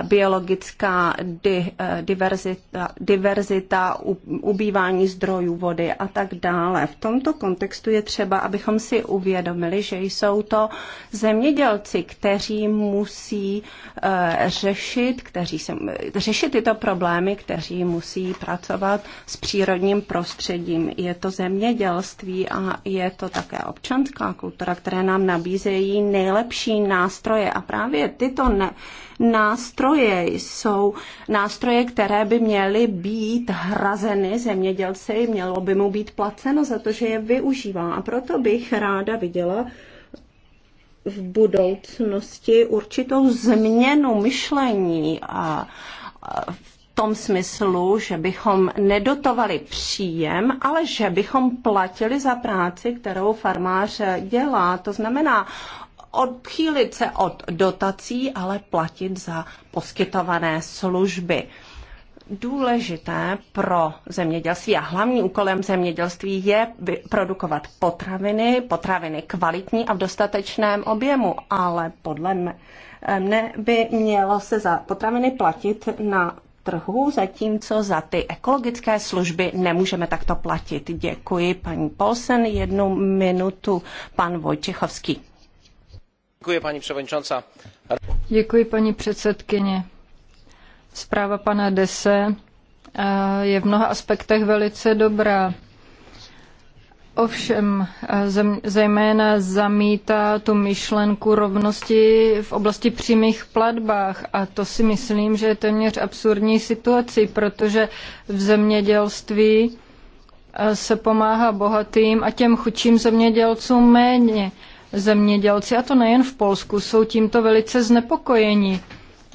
biologická di, eh, diverzita, diverzita, ubývání zdrojů vody a tak dále. V tomto kontextu je třeba, abychom si uvědomili, že jsou to zemědělci, kteří musí eh, řešit, kteří se, řešit tyto problémy, kteří musí pracovat s přírodním prostředím. Je to zemědělství a je to také občanská kultura, které nám nabízejí nejlepší nástroje. A právě tyto ne, nástroje. Jsou nástroje, které by měly být hrazeny zemědělci, mělo by mu být placeno za to, že je využívá. A proto bych ráda viděla v budoucnosti určitou změnu myšlení a v tom smyslu, že bychom nedotovali příjem, ale že bychom platili za práci, kterou farmář dělá. To znamená, odchýlit se od dotací, ale platit za poskytované služby důležité pro zemědělství a hlavní úkolem zemědělství je produkovat potraviny, potraviny kvalitní a v dostatečném objemu, ale podle mne by mělo se za potraviny platit na trhu, zatímco za ty ekologické služby nemůžeme takto platit. Děkuji paní Polsen. Jednu minutu pan Vojčichovský. Děkuji, paní předsedající. předsedkyně. Zpráva pana Dese eh, je v mnoha aspektech velice dobrá. Ovšem, eh, zejména zamítá tu myšlenku rovnosti v oblasti přímých platbách a to si myslím, že je téměř absurdní situace, protože v zemědělství eh, se pomáhá bohatým a těm chudším zemědělcům méně. Zemědělci, a to nejen v Polsku, jsou tímto velice znepokojeni.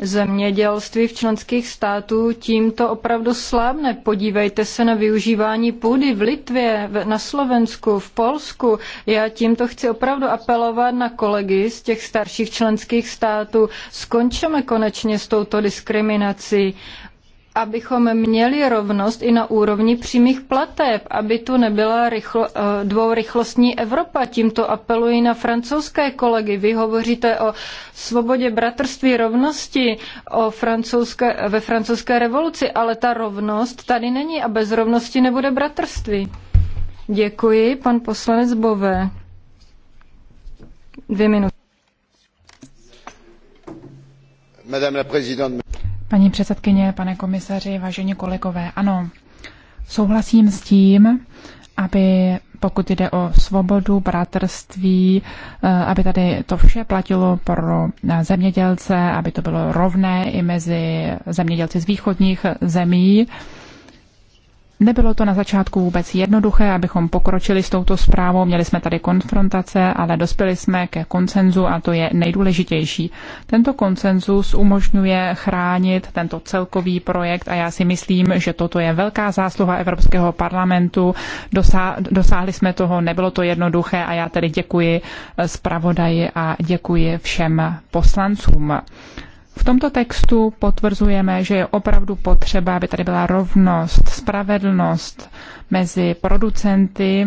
Zemědělství v členských států tímto opravdu slábne. Podívejte se na využívání půdy v Litvě, na Slovensku, v Polsku. Já tímto chci opravdu apelovat na kolegy z těch starších členských států. Skončeme konečně s touto diskriminací abychom měli rovnost i na úrovni přímých plateb, aby tu nebyla rychlo, eh, dvourychlostní Evropa. Tímto apeluji na francouzské kolegy. Vy hovoříte o svobodě bratrství rovnosti o francouzské, ve francouzské revoluci, ale ta rovnost tady není a bez rovnosti nebude bratrství. Děkuji, pan poslanec Bové. Dvě minuty. Madame la présidente, Paní předsedkyně, pane komisaři, vážení kolegové, ano, souhlasím s tím, aby pokud jde o svobodu, bratrství, eh, aby tady to vše platilo pro eh, zemědělce, aby to bylo rovné i mezi zemědělci z východních zemí. Nebylo to na začátku vůbec jednoduché, abychom pokročili s touto zprávou. Měli jsme tady konfrontace, ale dospěli jsme ke koncenzu a to je nejdůležitější. Tento koncenzus umožňuje chránit tento celkový projekt a já si myslím, že toto je velká zásluha Evropského parlamentu. Dosá- dosáhli jsme toho, nebylo to jednoduché a já tedy děkuji eh, zpravodaji a děkuji všem poslancům. V tomto textu potvrzujeme, že je opravdu potřeba, aby tady byla rovnost, spravedlnost mezi producenty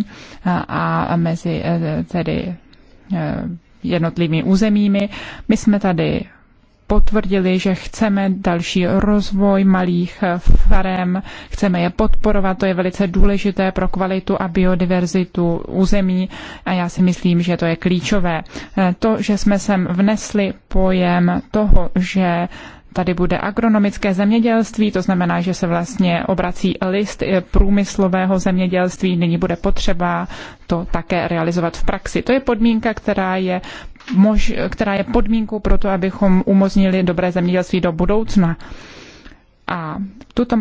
a mezi e, tedy e, jednotlivými územími. My jsme tady potvrdili, že chceme další rozvoj malých farem, chceme je podporovat, to je velice důležité pro kvalitu a biodiverzitu území a já si myslím, že to je klíčové. To, že jsme sem vnesli pojem toho, že Tady bude agronomické zemědělství, to znamená, že se vlastně obrací list průmyslového zemědělství, nyní bude potřeba to také realizovat v praxi. To je podmínka, která je mož, která je podmínkou pro to, abychom umožnili dobré zemědělství do budoucna. A tuto,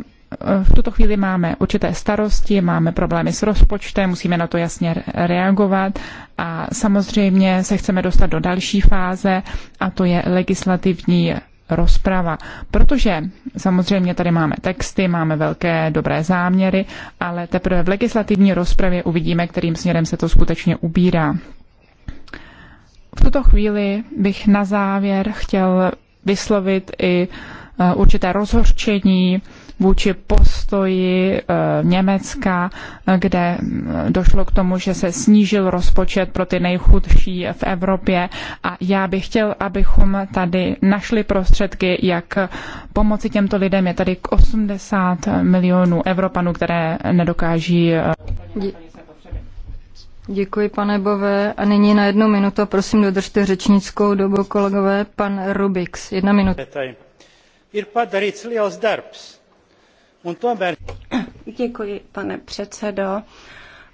v tuto chvíli máme určité starosti, máme problémy s rozpočtem, musíme na to jasně reagovat a samozřejmě se chceme dostat do další fáze a to je legislativní rozprava. Protože samozřejmě tady máme texty, máme velké dobré záměry, ale teprve v legislativní rozpravě uvidíme, kterým směrem se to skutečně ubírá. V tuto chvíli bych na závěr chtěl vyslovit i eh, určité rozhorčení vůči postoji eh, Německa, eh, kde došlo k tomu, že se snížil rozpočet pro ty nejchudší v Evropě a já bych chtěl, abychom tady našli prostředky, jak pomoci těmto lidem. Je tady 80 milionů Evropanů, které nedokáží. Děkuji, pane Bové. A nyní na jednu minutu, prosím, dodržte řečnickou dobu, kolegové. Pan Rubiks, jedna minuta. Děkuji, pane předsedo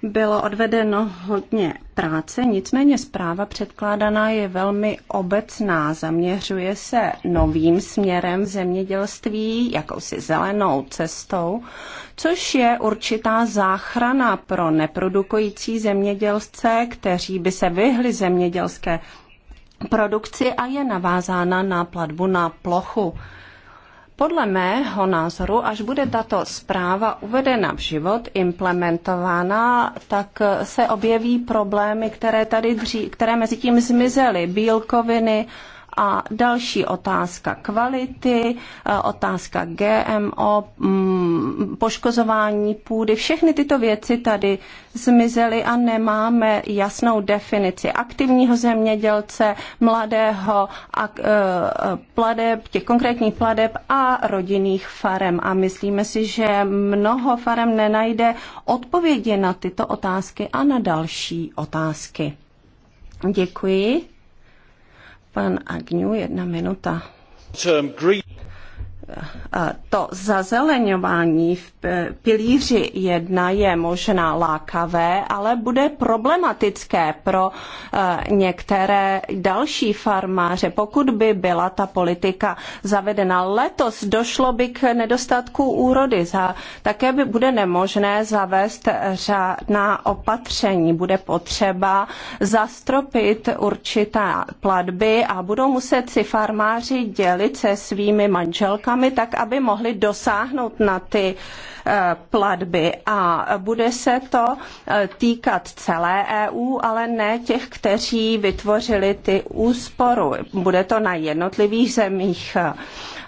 bylo odvedeno hodně práce, nicméně zpráva předkládaná je velmi obecná. Zaměřuje se novým směrem zemědělství, jakousi zelenou cestou, což je určitá záchrana pro neprodukující zemědělce, kteří by se vyhli zemědělské produkci a je navázána na platbu na plochu. Podle mého názoru, až bude tato zpráva uvedena v život, implementována, tak se objeví problémy, které tady dří, které mezi tím zmizely, bílkoviny, a další otázka kvality, eh, otázka GMO, mm, poškozování půdy, všechny tyto věci tady zmizely a nemáme jasnou definici aktivního zemědělce, mladého a eh, pladeb, těch konkrétních pladeb a rodinných farem. A myslíme si, že mnoho farem nenajde odpovědi na tyto otázky a na další otázky. Děkuji. Pan Agnew, jedna minuta to zazeleňování v pilíři jedna je možná lákavé, ale bude problematické pro e, některé další farmáře. Pokud by byla ta politika zavedena letos, došlo by k nedostatku úrody. Také by bude nemožné zavést řádná opatření. Bude potřeba zastropit určité platby a budou muset si farmáři dělit se svými manželkami bankami, tak aby mohli dosáhnout na ty eh, platby. A bude se to eh, týkat celé EU, ale ne těch, kteří vytvořili ty úsporu. Bude to na jednotlivých zemích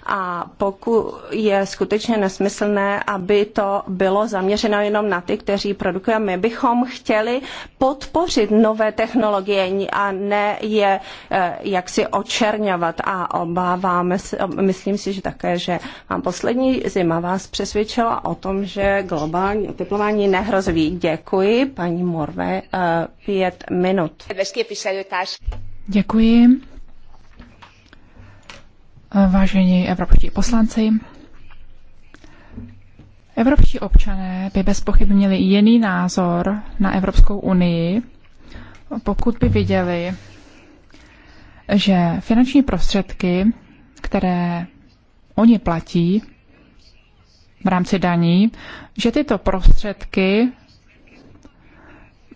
a pokud je skutečně nesmyslné, aby to bylo zaměřeno jenom na ty, kteří produkují. My bychom chtěli podpořit nové technologie a ne je eh, jaksi očerňovat a obáváme se, myslím si, že také, že mám poslední zima vás přesvědčila o tom, že globální oteplování nehrozí. Děkuji, paní Morve, eh, pět minut. Děkuji. Vážení evropští poslanci, evropští občané by bez měli jiný názor na Evropskou unii, pokud by viděli, že finanční prostředky, které oni platí v rámci daní, že tyto prostředky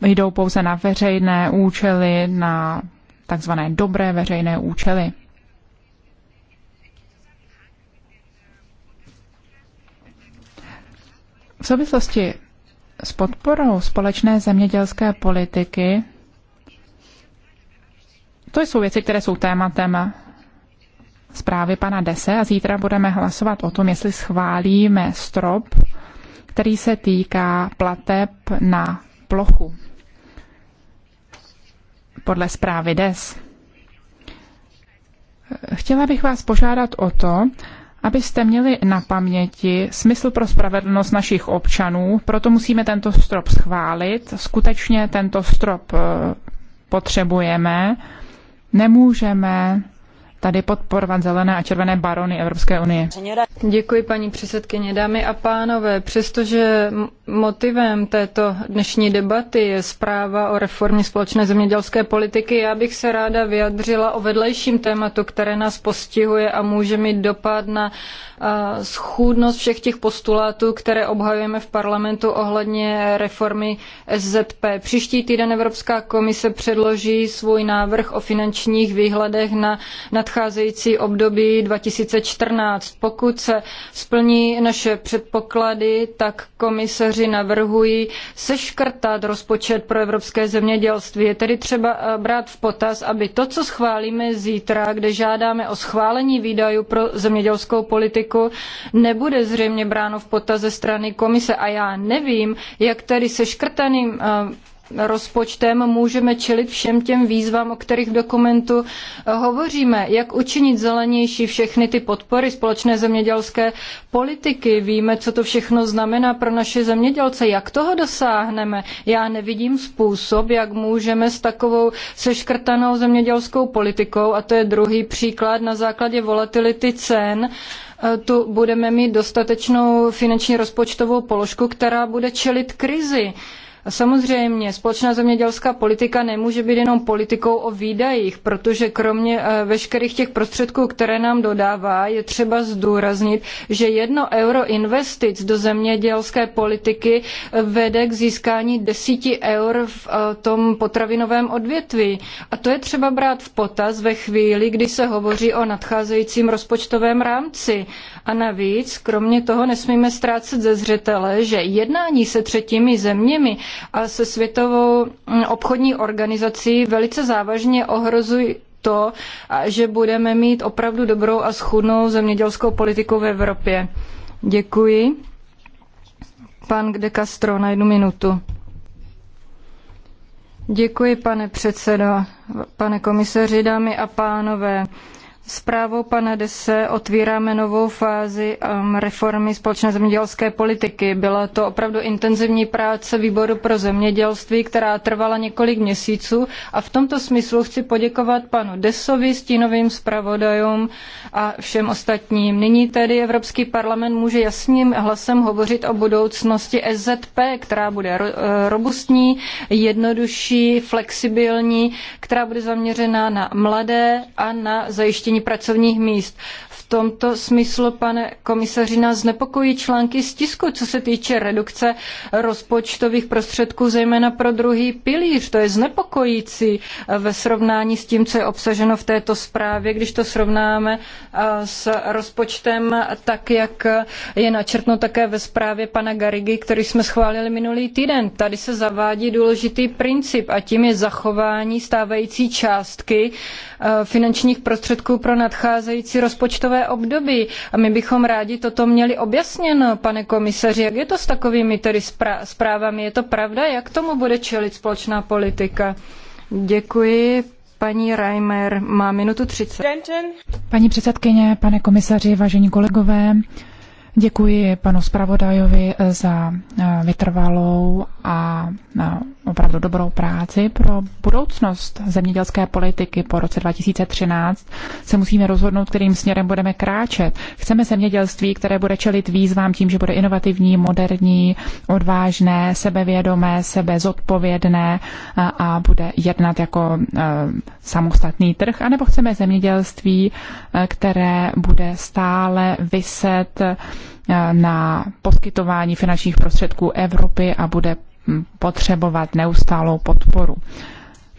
jdou pouze na veřejné účely, na takzvané dobré veřejné účely. V souvislosti s podporou společné zemědělské politiky, to jsou věci, které jsou tématem zprávy pana Dese a zítra budeme hlasovat o tom, jestli schválíme strop, který se týká plateb na plochu podle zprávy DES. Chtěla bych vás požádat o to, Abyste měli na paměti smysl pro spravedlnost našich občanů, proto musíme tento strop schválit. Skutečně tento strop eh, potřebujeme. Nemůžeme tady podporovat zelené a červené barony Evropské unie. Děkuji paní předsedkyně, dámy a pánové. Přestože motivem této dnešní debaty je zpráva o reformě společné zemědělské politiky, já bych se ráda vyjadřila o vedlejším tématu, které nás postihuje a může mít dopad na schůdnost všech těch postulátů, které obhajujeme v parlamentu ohledně reformy SZP. Příští týden Evropská komise předloží svůj návrh o finančních výhledech na nadcházející nadcházející období 2014. Pokud se splní naše předpoklady, tak komisaři navrhují seškrtat rozpočet pro evropské zemědělství. Je tedy třeba eh, brát v potaz, aby to, co schválíme zítra, kde žádáme o schválení výdajů pro zemědělskou politiku, nebude zřejmě bráno v potaz ze strany komise. A já nevím, jak tedy seškrtaným eh, rozpočtem můžeme čelit všem těm výzvám, o kterých v dokumentu eh, hovoříme. Jak učinit zelenější všechny ty podpory společné zemědělské politiky? Víme, co to všechno znamená pro naše zemědělce. Jak toho dosáhneme? Já nevidím způsob, jak můžeme s takovou seškrtanou zemědělskou politikou, a to je druhý příklad na základě volatility cen, eh, tu budeme mít dostatečnou finanční rozpočtovou položku, která bude čelit krizi. Samozřejmě, společná zemědělská politika nemůže být jenom politikou o výdajích, protože kromě eh, veškerých těch prostředků, které nám dodává, je třeba zdůraznit, že jedno euro investic do zemědělské politiky eh, vede k získání desíti eur v eh, tom potravinovém odvětví. A to je třeba brát v potaz ve chvíli, kdy se hovoří o nadcházejícím rozpočtovém rámci. A navíc, kromě toho nesmíme ztrácet ze zřetele, že jednání se třetími zeměmi se Světovou mm, obchodní organizací velice závažně ohrozují to, že budeme mít opravdu dobrou a schudnou zemědělskou politiku v Evropě. Děkuji. Pan De Castro na jednu minutu. Děkuji, pane předsedo, pane komisaři, dámy a pánové. Zprávou pana Dese otvíráme novou fázi um, reformy společné zemědělské politiky. Byla to opravdu intenzivní práce výboru pro zemědělství, která trvala několik měsíců a v tomto smyslu chci poděkovat panu Desovi, stínovým zpravodajům a všem ostatním. Nyní tedy Evropský parlament může jasným hlasem hovořit o budoucnosti SZP, která bude robustní, jednodušší, flexibilní, která bude zaměřena na mladé a na zajištění vytváření pracovních míst tomto smyslu, pane komisaři, nás znepokojí články z tisku, co se týče redukce rozpočtových prostředků, zejména pro druhý pilíř. To je znepokojící ve srovnání s tím, co je obsaženo v této zprávě, když to srovnáme s rozpočtem, tak jak je načrtno také ve zprávě pana Garigy, který jsme schválili minulý týden. Tady se zavádí důležitý princip a tím je zachování stávající částky finančních prostředků pro nadcházející rozpočtové nové období. A my bychom rádi toto měli objasněno, pane komisaři, jak je to s takovými tedy zprávami. Je to pravda? Jak tomu bude čelit společná politika? Děkuji. Paní Reimer má minutu 30. Paní předsedkyně, pane komisaři, vážení kolegové, Děkuji panu zpravodajovi eh, za eh, vytrvalou a eh, opravdu dobrou práci. Pro budoucnost zemědělské politiky po roce 2013 se musíme rozhodnout, kterým směrem budeme kráčet. Chceme zemědělství, které bude čelit výzvám tím, že bude inovativní, moderní, odvážné, sebevědomé, sebezodpovědné a bude jednat jako samostatný trh, anebo chceme zemědělství, které bude stále vyset na poskytování finančních prostředků Evropy a bude potřebovat neustálou podporu.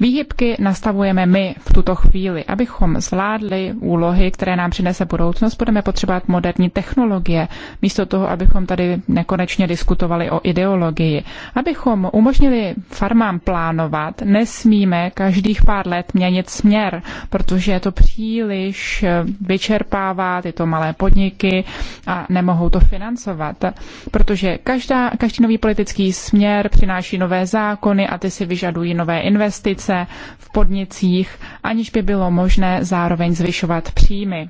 Výhybky nastavujeme my v tuto chvíli. Abychom zvládli úlohy, které nám přinese budoucnost, budeme potřebovat moderní technologie, místo toho, abychom tady nekonečně diskutovali o ideologii. Abychom umožnili farmám plánovat, nesmíme každých pár let měnit směr, protože je to příliš eh, vyčerpává tyto malé podniky a nemohou to financovat. Protože každá, každý nový politický směr přináší nové zákony a ty si vyžadují nové investice práce v podnicích, aniž by bylo možné zároveň zvyšovat příjmy.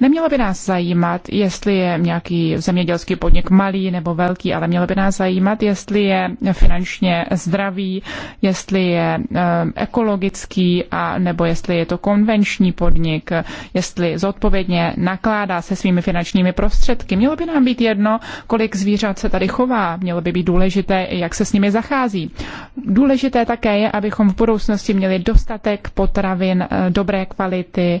Nemělo by nás zajímat, jestli je nějaký zemědělský podnik malý nebo velký, ale mělo by nás zajímat, jestli je finančně zdravý, jestli je eh, ekologický a nebo jestli je to konvenční podnik, jestli zodpovědně nakládá se svými finančními prostředky. Mělo by nám být jedno, kolik zvířat se tady chová. Mělo by být důležité, jak se s nimi zachází. Důležité také je, abychom v budoucnosti měli dostatek potravin eh, dobré kvality,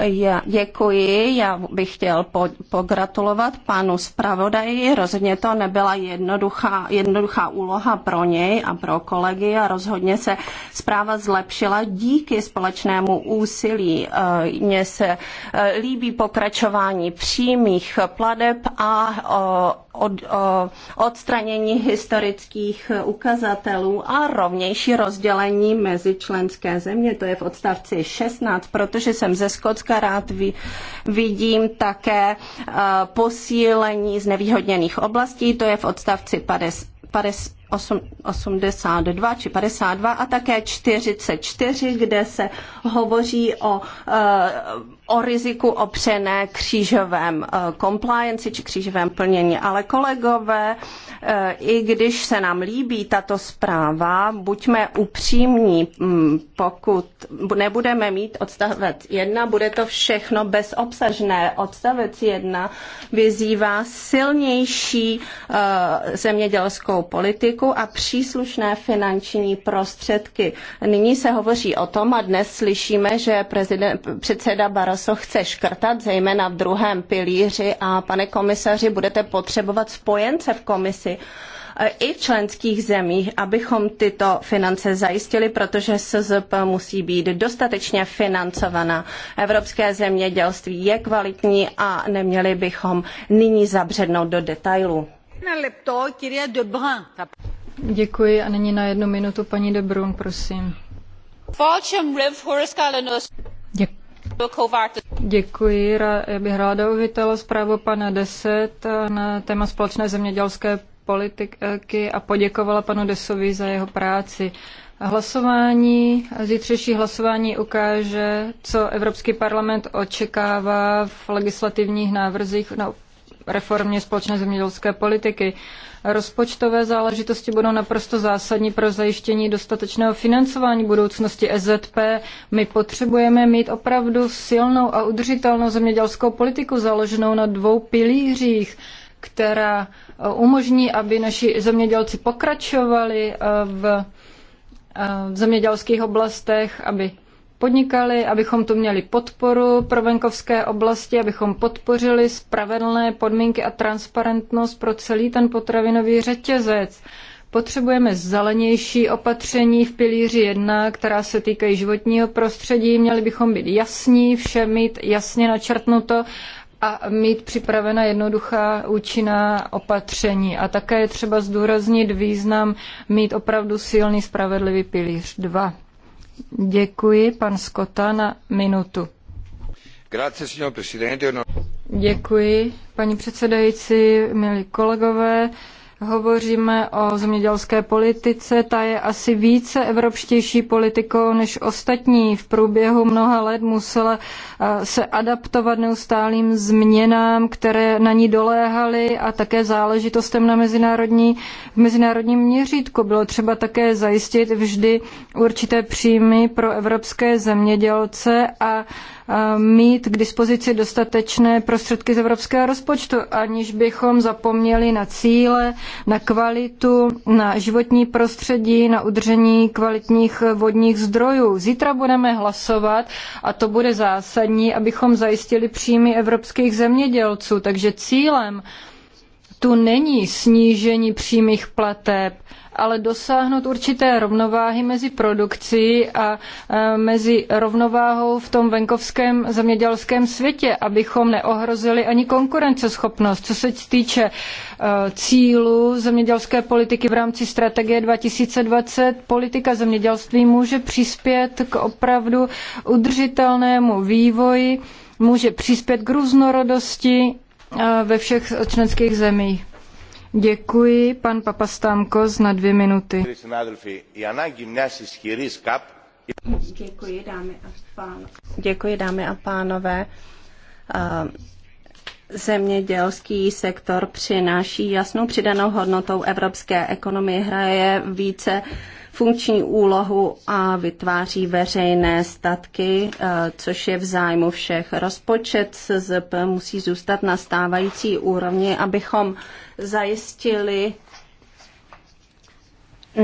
já děkuji, já bych chtěl po, pogratulovat panu zpravodaji. Rozhodně to nebyla jednoduchá, jednoduchá úloha pro něj a pro kolegy a rozhodně se zpráva zlepšila díky společnému úsilí. Eh, mně se eh, líbí pokračování přímých pladeb a od, o, odstranění historických ukazatelů a rovnější rozdělení mezi členské země. To je v odstavci 16, protože jsem ze Skotska rád vy, vidím také a, e, posílení znevýhodněných oblastí. To je v odstavci 50, 50 82 či 52 a také 44, kde se hovoří o e, o riziku opřené křížovém eh, compliance či křížovém plnění. Ale kolegové, eh, i když se nám líbí tato zpráva, buďme upřímní, mm, pokud nebudeme mít odstavec 1, bude to všechno bezobsažné. Odstavec 1 vyzývá silnější eh, zemědělskou politiku a příslušné finanční prostředky. Nyní se hovoří o tom a dnes slyšíme, že prezident, předseda Barroso co chce škrtat, zejména v druhém pilíři a pane komisaři, budete potřebovat spojence v komisi e, i v členských zemích, abychom tyto finance zajistili, protože SZP musí být dostatečně financovaná. Evropské zemědělství je kvalitní a neměli bychom nyní zabřednout do detailů. Děkuji a nyní na jednu minutu paní De Brun, prosím. Děkuji. Děkuji. Já bych ráda uvítala zprávu pana 10 na téma společné zemědělské politiky a poděkovala panu Desovi za jeho práci. Hlasování, zítřejší hlasování ukáže, co Evropský parlament očekává v legislativních návrzích na reformě společné zemědělské politiky. Rozpočtové záležitosti budou naprosto zásadní pro zajištění dostatečného financování budoucnosti EZP. My potřebujeme mít opravdu silnou a udržitelnou zemědělskou politiku založenou na dvou pilířích která eh, umožní, aby naši zemědělci pokračovali eh, v eh, v zemědělských oblastech, aby podnikali, abychom tu měli podporu pro venkovské oblasti, abychom podpořili spravedlné podmínky a transparentnost pro celý ten potravinový řetězec. Potřebujeme zelenější opatření v pilíři 1, která se týkají životního prostředí. Měli bychom být jasní, vše mít jasně načrtnuto a mít připravena jednoduchá účinná opatření. A také je třeba zdůraznit význam mít opravdu silný spravedlivý pilíř 2. Děkuji, pan Skota, na minutu. Děkuji, paní předsedající, milí kolegové. Hovoříme o zemědělské politice, ta je asi více evropštější politikou než ostatní. V průběhu mnoha let musela eh, se adaptovat neustálým změnám, které na ní doléhaly a také záležitostem na mezinárodní, v mezinárodním měřítku. Bylo třeba také zajistit vždy určité příjmy pro evropské zemědělce a mít k dispozici dostatečné prostředky z evropského rozpočtu, aniž bychom zapomněli na cíle, na kvalitu, na životní prostředí, na udržení kvalitních vodních zdrojů. Zítra budeme hlasovat a to bude zásadní, abychom zajistili příjmy evropských zemědělců. Takže cílem tu není snížení přímých plateb, ale dosáhnout určité rovnováhy mezi produkcí a e, mezi rovnováhou v tom venkovském zemědělském světě, abychom neohrozili ani konkurenceschopnost. Co se týče e, cílů zemědělské politiky v rámci strategie 2020, politika zemědělství může přispět k opravdu udržitelnému vývoji, může přispět k různorodosti e, ve všech členských zemích. Děkuji, pan papastamkos, na dvě minuty. Děkuji, dámy a, pán... Děkuji, dámy a pánové. zemědělský sektor přináší jasnou přidanou hodnotou evropské ekonomie hraje více funkční úlohu a vytváří veřejné statky, eh, což je v zájmu všech. Rozpočet SZP musí zůstat na stávající úrovni, abychom zajistili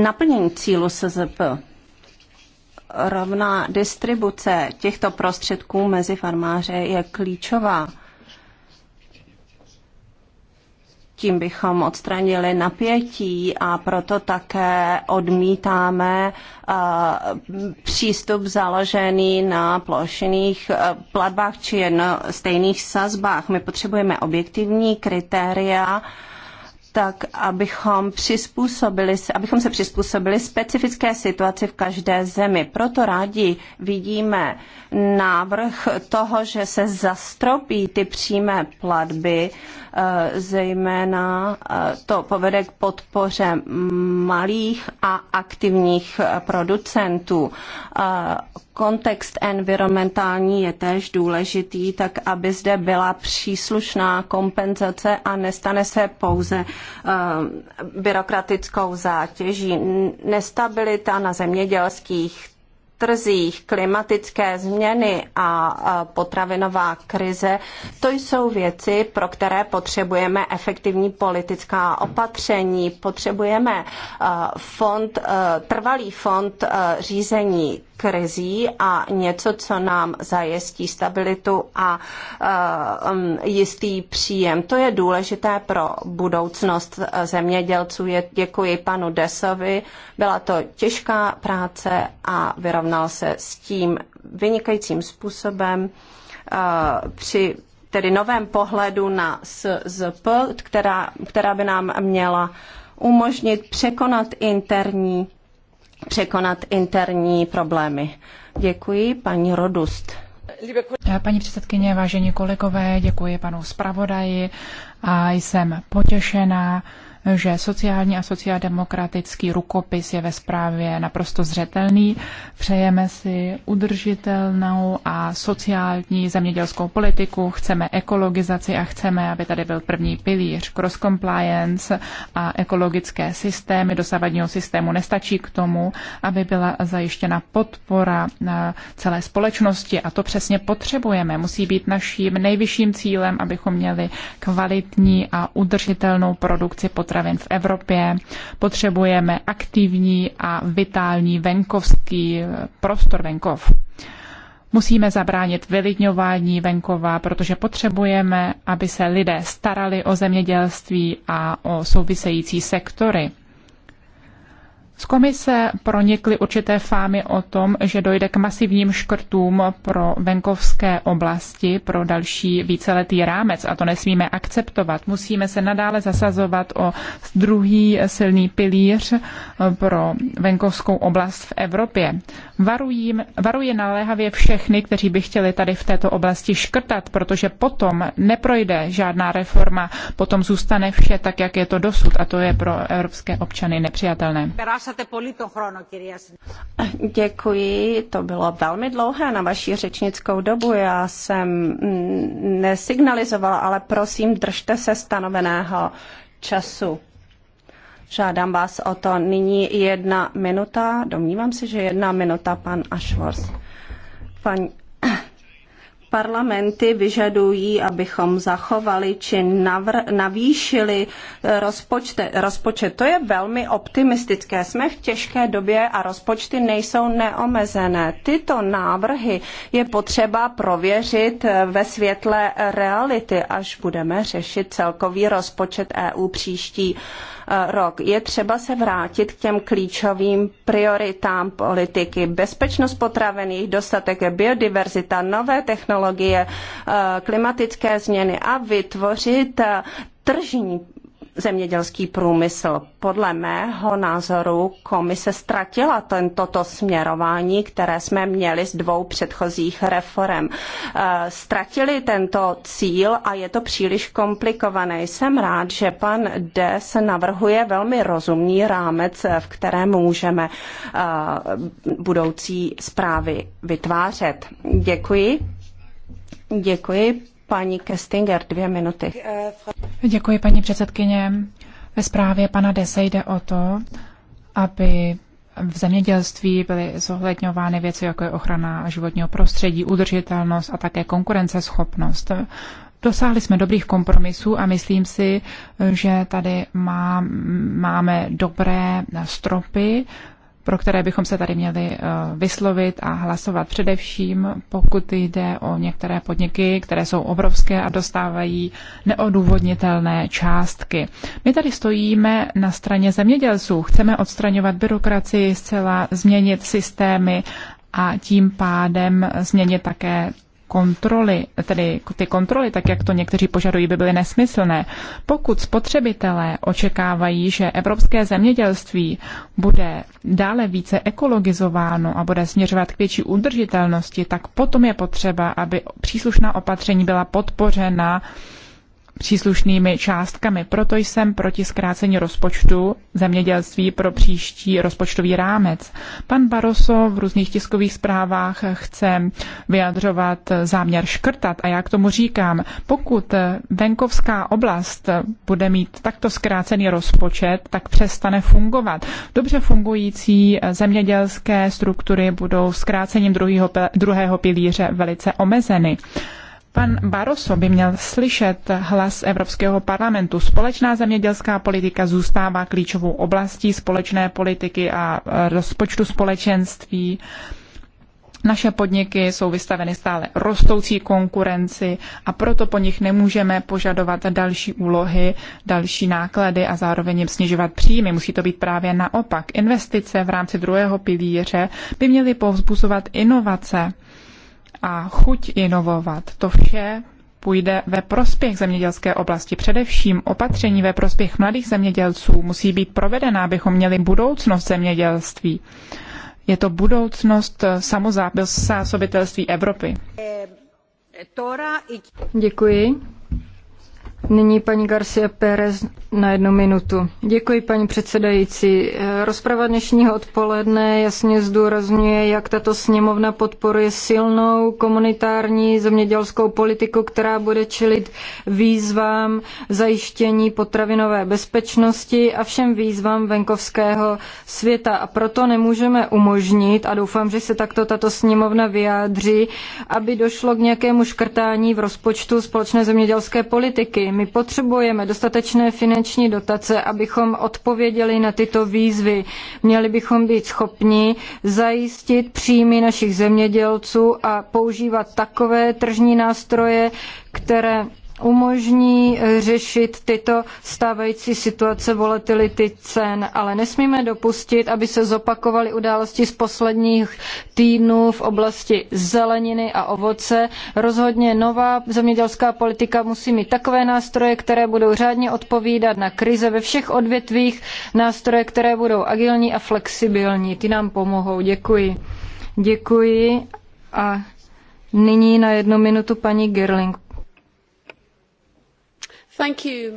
naplnění cílu SZP rovná distribuce těchto prostředků mezi farmáře je klíčová. tím bychom odstranili napětí a proto také odmítáme eh, přístup založený na plošných eh, platbách či jedno stejných sazbách. My potřebujeme objektivní kritéria, tak abychom, přizpůsobili, abychom se přizpůsobili specifické situaci v každé zemi. Proto rádi vidíme návrh toho, že se zastropí ty přímé platby, Eh, zejména eh, to povede k podpoře malých a aktivních eh, producentů. Kontext environmentální je též důležitý, tak aby zde byla příslušná kompenzace a nestane se pouze byrokratickou zátěží. Nestabilita na zemědělských trzích, klimatické změny a potravinová krize, to jsou věci, pro které potřebujeme efektivní politická opatření, potřebujeme fond, trvalý fond řízení krizí a něco, co nám zajistí stabilitu a eh, um, jistý příjem. To je důležité pro budoucnost eh, zemědělců. Děkuji panu Desovi. Byla to těžká práce a vyrovnal se s tím vynikajícím způsobem eh, při tedy novém pohledu na SZP, která, která by nám měla umožnit překonat interní překonat interní problémy. Děkuji, paní Rodust. Eh, paní předsedkyně, vážení kolegové, děkuji panu zpravodaji a jsem potěšená, že sociální a sociádemokratický rukopis je ve zprávě naprosto zřetelný. Přejeme si udržitelnou a sociální zemědělskou politiku, chceme ekologizaci a chceme, aby tady byl první pilíř. Cross compliance a ekologické systémy dosavadního systému nestačí k tomu, aby byla zajištěna podpora na celé společnosti a to přesně potřebujeme. Musí být naším nejvyšším cílem, abychom měli kvalitní a udržitelnou produkci pod potravin v Evropě. Potřebujeme aktivní a vitální venkovský eh, prostor venkov. Musíme zabránit vylidňování venkova, protože potřebujeme, aby se lidé starali o zemědělství a o související sektory. Z komise pronikly určité fámy o tom, že dojde k masivním škrtům pro venkovské oblasti pro další víceletý rámec a to nesmíme akceptovat. Musíme se nadále zasazovat o druhý silný pilíř pro venkovskou oblast v Evropě. Varujím, varuji naléhavě všechny, kteří by chtěli tady v této oblasti škrtat, protože potom neprojde žádná reforma, potom zůstane vše tak, jak je to dosud a to je pro evropské občany nepřijatelné. Děkuji, to bylo velmi dlouhé na vaši řečnickou dobu. Já jsem mm, nesignalizovala, ale prosím, držte se stanoveného času. Žádám vás o to. Nyní jedna minuta. Domnívám se, že jedna minuta, pan Ashworth. Pan, Parlamenty vyžadují, abychom zachovali či navr- navýšili rozpočte, rozpočet. To je velmi optimistické. Jsme v těžké době a rozpočty nejsou neomezené. Tyto návrhy je potřeba prověřit ve světle reality, až budeme řešit celkový rozpočet EU příští Eh, rok. Je třeba se vrátit k těm klíčovým prioritám politiky. Bezpečnost potravin, jejich dostatek, biodiverzita, nové technologie, eh, klimatické změny a vytvořit eh, tržní zemědělský průmysl. Podle mého názoru komise ztratila toto směrování, které jsme měli z dvou předchozích reform. Eh, ztratili tento cíl a je to příliš komplikované. Jsem rád, že pan Des navrhuje velmi rozumný rámec, v kterém můžeme eh, budoucí zprávy vytvářet. Děkuji. Děkuji Paní Kestinger, dvě minuty. Děkuji, paní předsedkyně. Ve zprávě pana Dese jde o to, aby v zemědělství byly zohledňovány věci, jako je ochrana životního prostředí, udržitelnost a také konkurenceschopnost. Dosáhli jsme dobrých kompromisů a myslím si, že tady má, máme dobré stropy pro které bychom se tady měli eh, vyslovit a hlasovat především, pokud jde o některé podniky, které jsou obrovské a dostávají neodůvodnitelné částky. My tady stojíme na straně zemědělců, chceme odstraňovat byrokracii, zcela změnit systémy a tím pádem změnit také kontroly, tedy ty kontroly, tak jak to někteří požadují, by byly nesmyslné. Pokud spotřebitelé očekávají, že evropské zemědělství bude dále více ekologizováno a bude směřovat k větší udržitelnosti, tak potom je potřeba, aby příslušná opatření byla podpořena příslušnými částkami. Proto jsem proti zkrácení rozpočtu zemědělství pro příští rozpočtový rámec. Pan Baroso v různých tiskových zprávách chce vyjadřovat záměr škrtat a já k tomu říkám, pokud venkovská oblast bude mít takto zkrácený rozpočet, tak přestane fungovat. Dobře fungující zemědělské struktury budou zkrácením druhého, druhého pilíře velice omezeny. Pan Barroso by měl slyšet hlas Evropského parlamentu. Společná zemědělská politika zůstává klíčovou oblastí společné politiky a rozpočtu společenství. Naše podniky jsou vystaveny stále rostoucí konkurenci a proto po nich nemůžeme požadovat další úlohy, další náklady a zároveň jim snižovat příjmy. Musí to být právě naopak. Investice v rámci druhého pilíře by měly povzbuzovat inovace a chuť inovovat. To vše půjde ve prospěch zemědělské oblasti. Především opatření ve prospěch mladých zemědělců musí být provedena, abychom měli budoucnost zemědělství. Je to budoucnost samozásobitelství Evropy. Děkuji. Nyní paní Garcia Pérez na jednu minutu. Děkuji, paní předsedající. Rozprava dnešního odpoledne jasně zdůrazňuje, jak tato sněmovna podporuje silnou komunitární zemědělskou politiku, která bude čelit výzvám zajištění potravinové bezpečnosti a všem výzvám venkovského světa. A proto nemůžeme umožnit, a doufám, že se takto tato sněmovna vyjádří, aby došlo k nějakému škrtání v rozpočtu společné zemědělské politiky. My potřebujeme dostatečné finanční dotace, abychom odpověděli na tyto výzvy. Měli bychom být schopni zajistit příjmy našich zemědělců a používat takové tržní nástroje, které umožní eh, řešit tyto stávající situace volatility cen, ale nesmíme dopustit, aby se zopakovaly události z posledních týdnů v oblasti zeleniny a ovoce. Rozhodně nová zemědělská politika musí mít takové nástroje, které budou řádně odpovídat na krize ve všech odvětvích, nástroje, které budou agilní a flexibilní. Ty nám pomohou. Děkuji. Děkuji a nyní na jednu minutu paní Gerling, Thank you,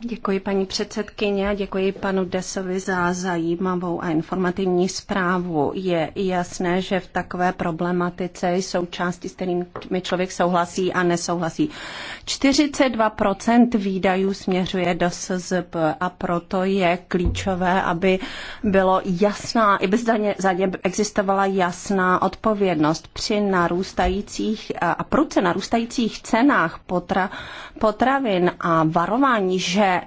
Děkuji paní předsedkyně děkuji panu Desovi za zajímavou a informativní zprávu. Je jasné, že v takové problematice jsou části, s kterými člověk souhlasí a nesouhlasí. 42% výdajů směřuje do SZP a proto je klíčové, aby bylo jasná, by za ně, za ně existovala jasná odpovědnost při narůstajících a pruce narůstajících cenách potra, potravin a varování, že že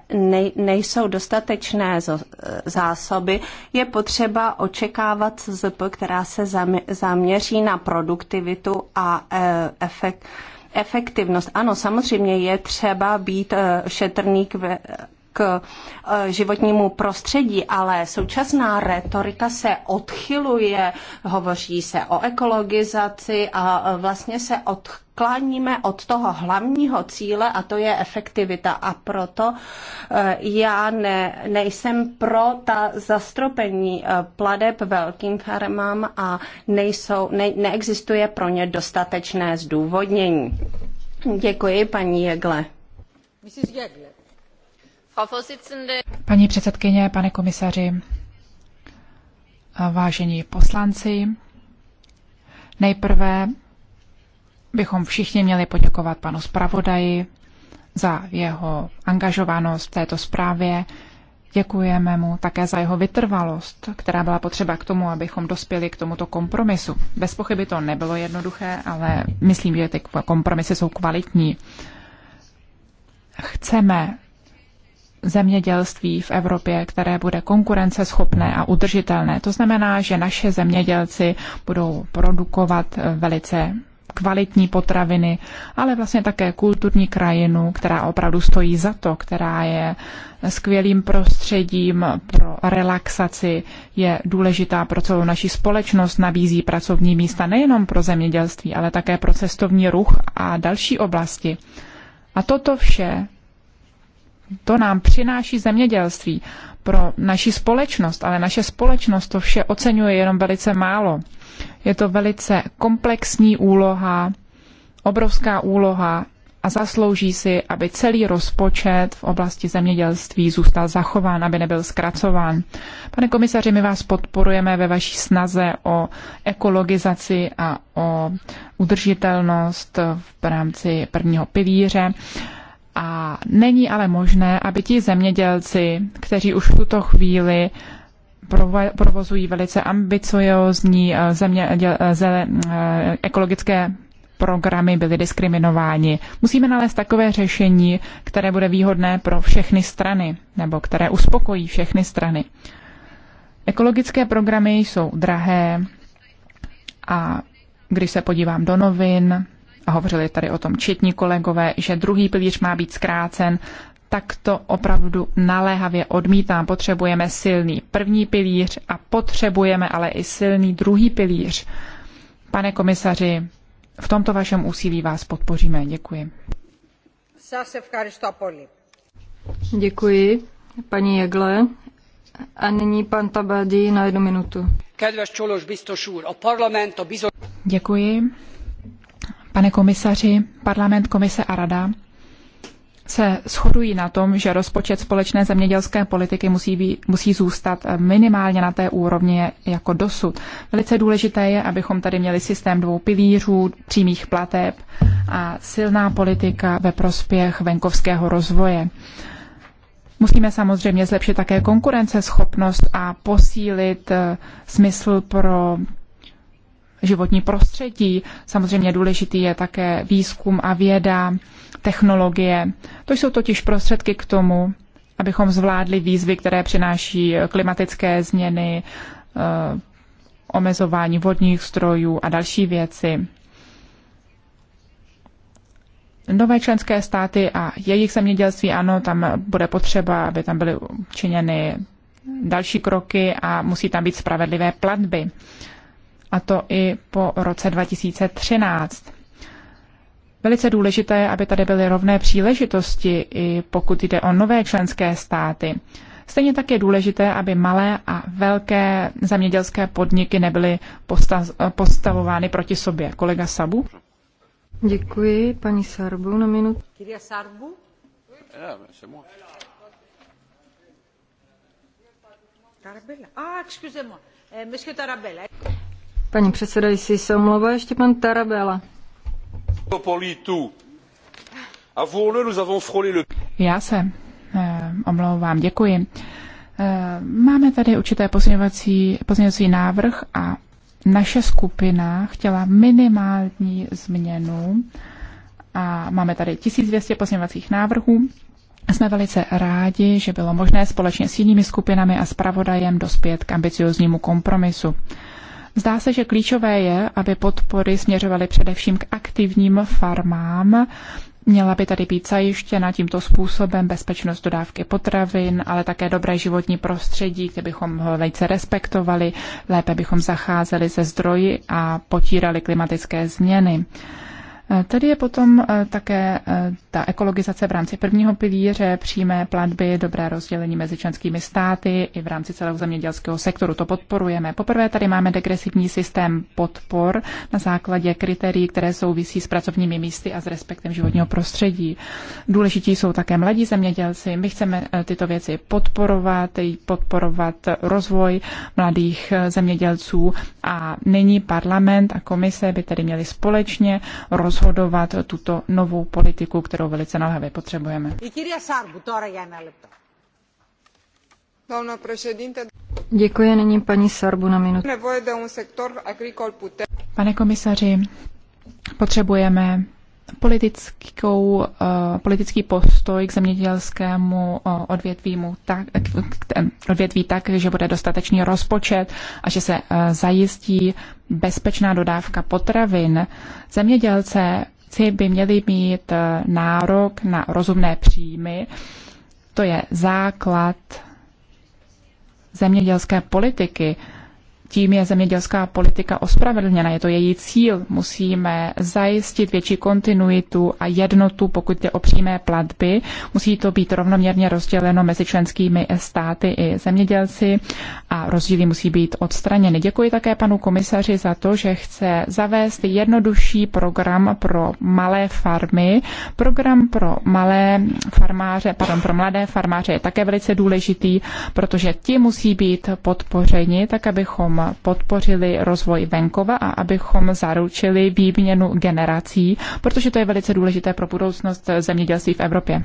nejsou dostatečné zásoby, je potřeba očekávat CZP, která se zaměří na produktivitu a e, efekt, efektivnost. Ano, samozřejmě je třeba být e, šetrný k k eh, životnímu prostředí, ale současná retorika se odchyluje, hovoří se o ekologizaci a eh, vlastně se odchyluje odkláníme od toho hlavního cíle a to je efektivita. A proto eh, já ne, nejsem pro ta zastropení pladeb velkým farmám a nejsou, ne, neexistuje pro ně dostatečné zdůvodnění. Děkuji, paní Jegle. Mrs. Jegle. Paní předsedkyně, pane komisaři, vážení poslanci, nejprve bychom všichni měli poděkovat panu zpravodaji za jeho angažovanost v této zprávě. Děkujeme mu také za jeho vytrvalost, která byla potřeba k tomu, abychom dospěli k tomuto kompromisu. Bez pochyby to nebylo jednoduché, ale myslím, že ty kompromisy jsou kvalitní. Chceme zemědělství v Evropě, které bude konkurenceschopné a udržitelné. To znamená, že naše zemědělci budou produkovat eh, velice kvalitní potraviny, ale vlastně také kulturní krajinu, která opravdu stojí za to, která je skvělým prostředím pro relaxaci, je důležitá pro celou naši společnost, nabízí pracovní místa nejenom pro zemědělství, ale také pro cestovní ruch a další oblasti. A toto vše to nám přináší zemědělství pro naši společnost, ale naše společnost to vše oceňuje jenom velice málo. Je to velice komplexní úloha, obrovská úloha a zaslouží si, aby celý rozpočet v oblasti zemědělství zůstal zachován, aby nebyl zkracován. Pane komisaři, my vás podporujeme ve vaší snaze o ekologizaci a o udržitelnost v rámci prvního pilíře. A není ale možné, aby ti zemědělci, kteří už v tuto chvíli provozují velice ambiciozní eh, eh, eh, ekologické programy byly diskriminováni. Musíme nalézt takové řešení, které bude výhodné pro všechny strany, nebo které uspokojí všechny strany. Ekologické programy jsou drahé a když se podívám do novin, a hovořili tady o tom četní kolegové, že druhý pilíř má být zkrácen, tak to opravdu naléhavě odmítám. Potřebujeme silný první pilíř a potřebujeme ale i silný druhý pilíř. Pane komisaři, v tomto vašem úsilí vás podpoříme. Děkuji. Děkuji, paní Jegle. A nyní pan Tabadi na jednu minutu. Děkuji. Pane komisaři, parlament, komise a rada se shodují na tom, že rozpočet společné zemědělské politiky musí, být, musí zůstat minimálně na té úrovni jako dosud. Velice důležité je, abychom tady měli systém dvou pilířů, přímých plateb a silná politika ve prospěch venkovského rozvoje. Musíme samozřejmě zlepšit také konkurenceschopnost a posílit eh, smysl pro životní prostředí. Samozřejmě důležitý je také výzkum a věda, technologie. To jsou totiž prostředky k tomu, abychom zvládli výzvy, které přináší klimatické změny, eh, omezování vodních strojů a další věci. Nové členské státy a jejich zemědělství, ano, tam bude potřeba, aby tam byly učiněny další kroky a musí tam být spravedlivé platby a to i po roce 2013. Velice důležité je, aby tady byly rovné příležitosti, i pokud jde o nové členské státy. Stejně tak je důležité, aby malé a velké zemědělské podniky nebyly postavovány proti sobě. Kolega Sabu? Děkuji, paní Sarbu, na minutu. Tarabella. Ah, excusez-moi. Eh, monsieur Tarabella. Paní předsedající se omlouvá ještě pan Tarabela. Já se eh, omlouvám, děkuji. Eh, máme tady určité pozměňovací, návrh a naše skupina chtěla minimální změnu a máme tady 1200 pozměňovacích návrhů. Jsme velice rádi, že bylo možné společně s jinými skupinami a zpravodajem dospět k ambicioznímu kompromisu. Eh, Zdá se, že klíčové je, aby podpory směřovaly především k aktivním farmám. Měla by tady být zajištěna tímto způsobem bezpečnost dodávky potravin, ale také dobré životní prostředí, kde bychom ho velice respektovali, lépe bychom zacházeli ze zdroji a potírali klimatické změny. Tady je potom eh, také eh, ta ekologizace v rámci prvního pilíře, přímé platby, dobré rozdělení mezi členskými státy i v rámci celého zemědělského sektoru. To podporujeme. Poprvé tady máme degresivní systém podpor na základě kritérií, které souvisí s pracovními místy a s respektem životního prostředí. Důležití jsou také mladí zemědělci. My chceme eh, tyto věci podporovat, podporovat rozvoj mladých zemědělců a nyní parlament a komise by tedy měli společně rozhodnout rozhodovat tuto novou politiku, kterou velice naléhavě potřebujeme. Děkuji, nyní paní Sarbu na minutu. Pane komisaři, potřebujeme politickou, uh, eh, politický postoj k zemědělskému uh, odvětvímu tak, k, eh, odvětví tak, že bude dostatečný rozpočet a že se uh, zajistí bezpečná dodávka potravin. Zemědělce by měli mít uh, nárok na rozumné příjmy. To je základ zemědělské politiky. Uh, tím je zemědělská politika ospravedlněna, je to její cíl. Musíme zajistit větší kontinuitu a jednotu, pokud jde o přímé platby. Musí to být rovnoměrně rozděleno mezi členskými státy i zemědělci a rozdíly musí být odstraněny. Děkuji také panu komisaři za to, že chce zavést jednodušší program pro malé farmy. Program pro malé farmáře, pardon, pro mladé farmáře je také velice důležitý, protože ti musí být podpořeni, tak abychom podpořili rozvoj venkova a abychom zaručili výměnu generací, protože to je velice důležité pro budoucnost zemědělství v Evropě.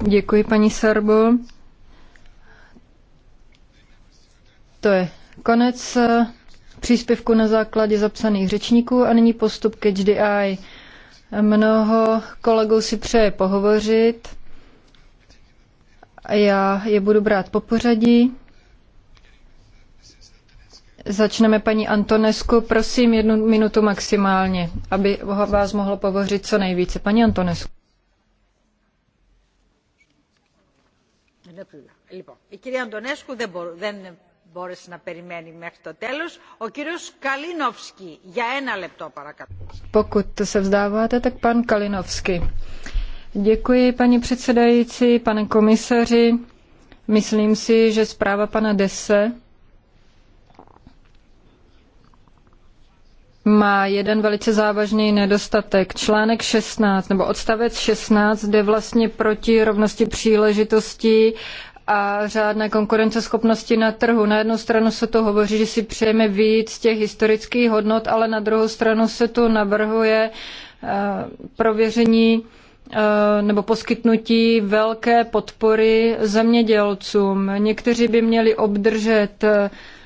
Děkuji, paní Sarbo. To je konec eh, příspěvku na základě zapsaných řečníků a nyní postup ke HDI. Mnoho kolegů si přeje pohovořit. Já je budu brát po pořadí. Začneme paní Antonesku, prosím jednu minutu maximálně, aby vás mohlo povořit co nejvíce. Paní Antonesku. Λοιπόν, η κυρία Αντωνέσκου δεν, μπο, δεν μπόρεσε να περιμένει μέχρι το τέλος. Ο κύριος Καλίνοφσκι, για ένα λεπτό παρακαλώ. Pokud se vzdáváte, tak pan Kalinovský. Děkuji, paní předsedající, pane komisaři. Myslím si, že zpráva pana Dese má jeden velice závažný nedostatek. Článek 16 nebo odstavec 16 jde vlastně proti rovnosti příležitostí a řádné konkurenceschopnosti na trhu. Na jednu stranu se to hovoří, že si přejeme víc těch historických hodnot, ale na druhou stranu se tu navrhuje eh, prověření eh, nebo poskytnutí velké podpory zemědělcům. Někteří by měli obdržet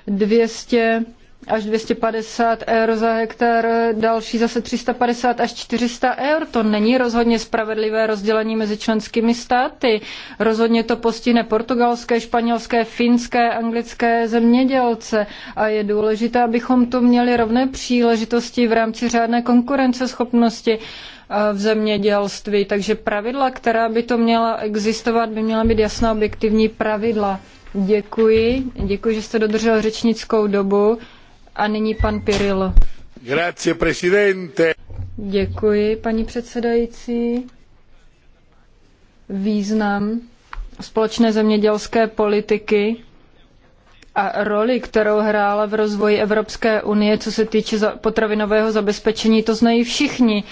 200 eh, až 250 eur za hektar, další zase 350 až 400 eur. To není rozhodně spravedlivé rozdělení mezi členskými státy. Rozhodně to postihne portugalské, španělské, finské, anglické zemědělce a je důležité, abychom tu měli rovné příležitosti v rámci řádné konkurenceschopnosti eh, v zemědělství. Takže pravidla, která by to měla existovat, by měla být jasná objektivní pravidla. Děkuji, děkuji, že jste dodržel řečnickou dobu. A nyní pan Grazie, presidente. Děkuji, paní předsedající. Význam společné zemědělské politiky a roli, kterou hrála v rozvoji Evropské unie, co se týče potravinového zabezpečení, to znají všichni.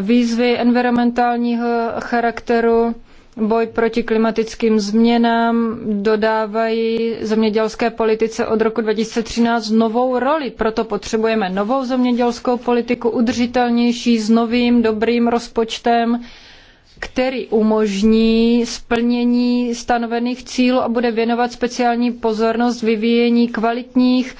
Výzvy environmentálního charakteru, boj proti klimatickým změnám dodávají zemědělské politice od roku 2013 novou roli. Proto potřebujeme novou zemědělskou politiku, udržitelnější, s novým, dobrým rozpočtem, který umožní splnění stanovených cílů a bude věnovat speciální pozornost vyvíjení kvalitních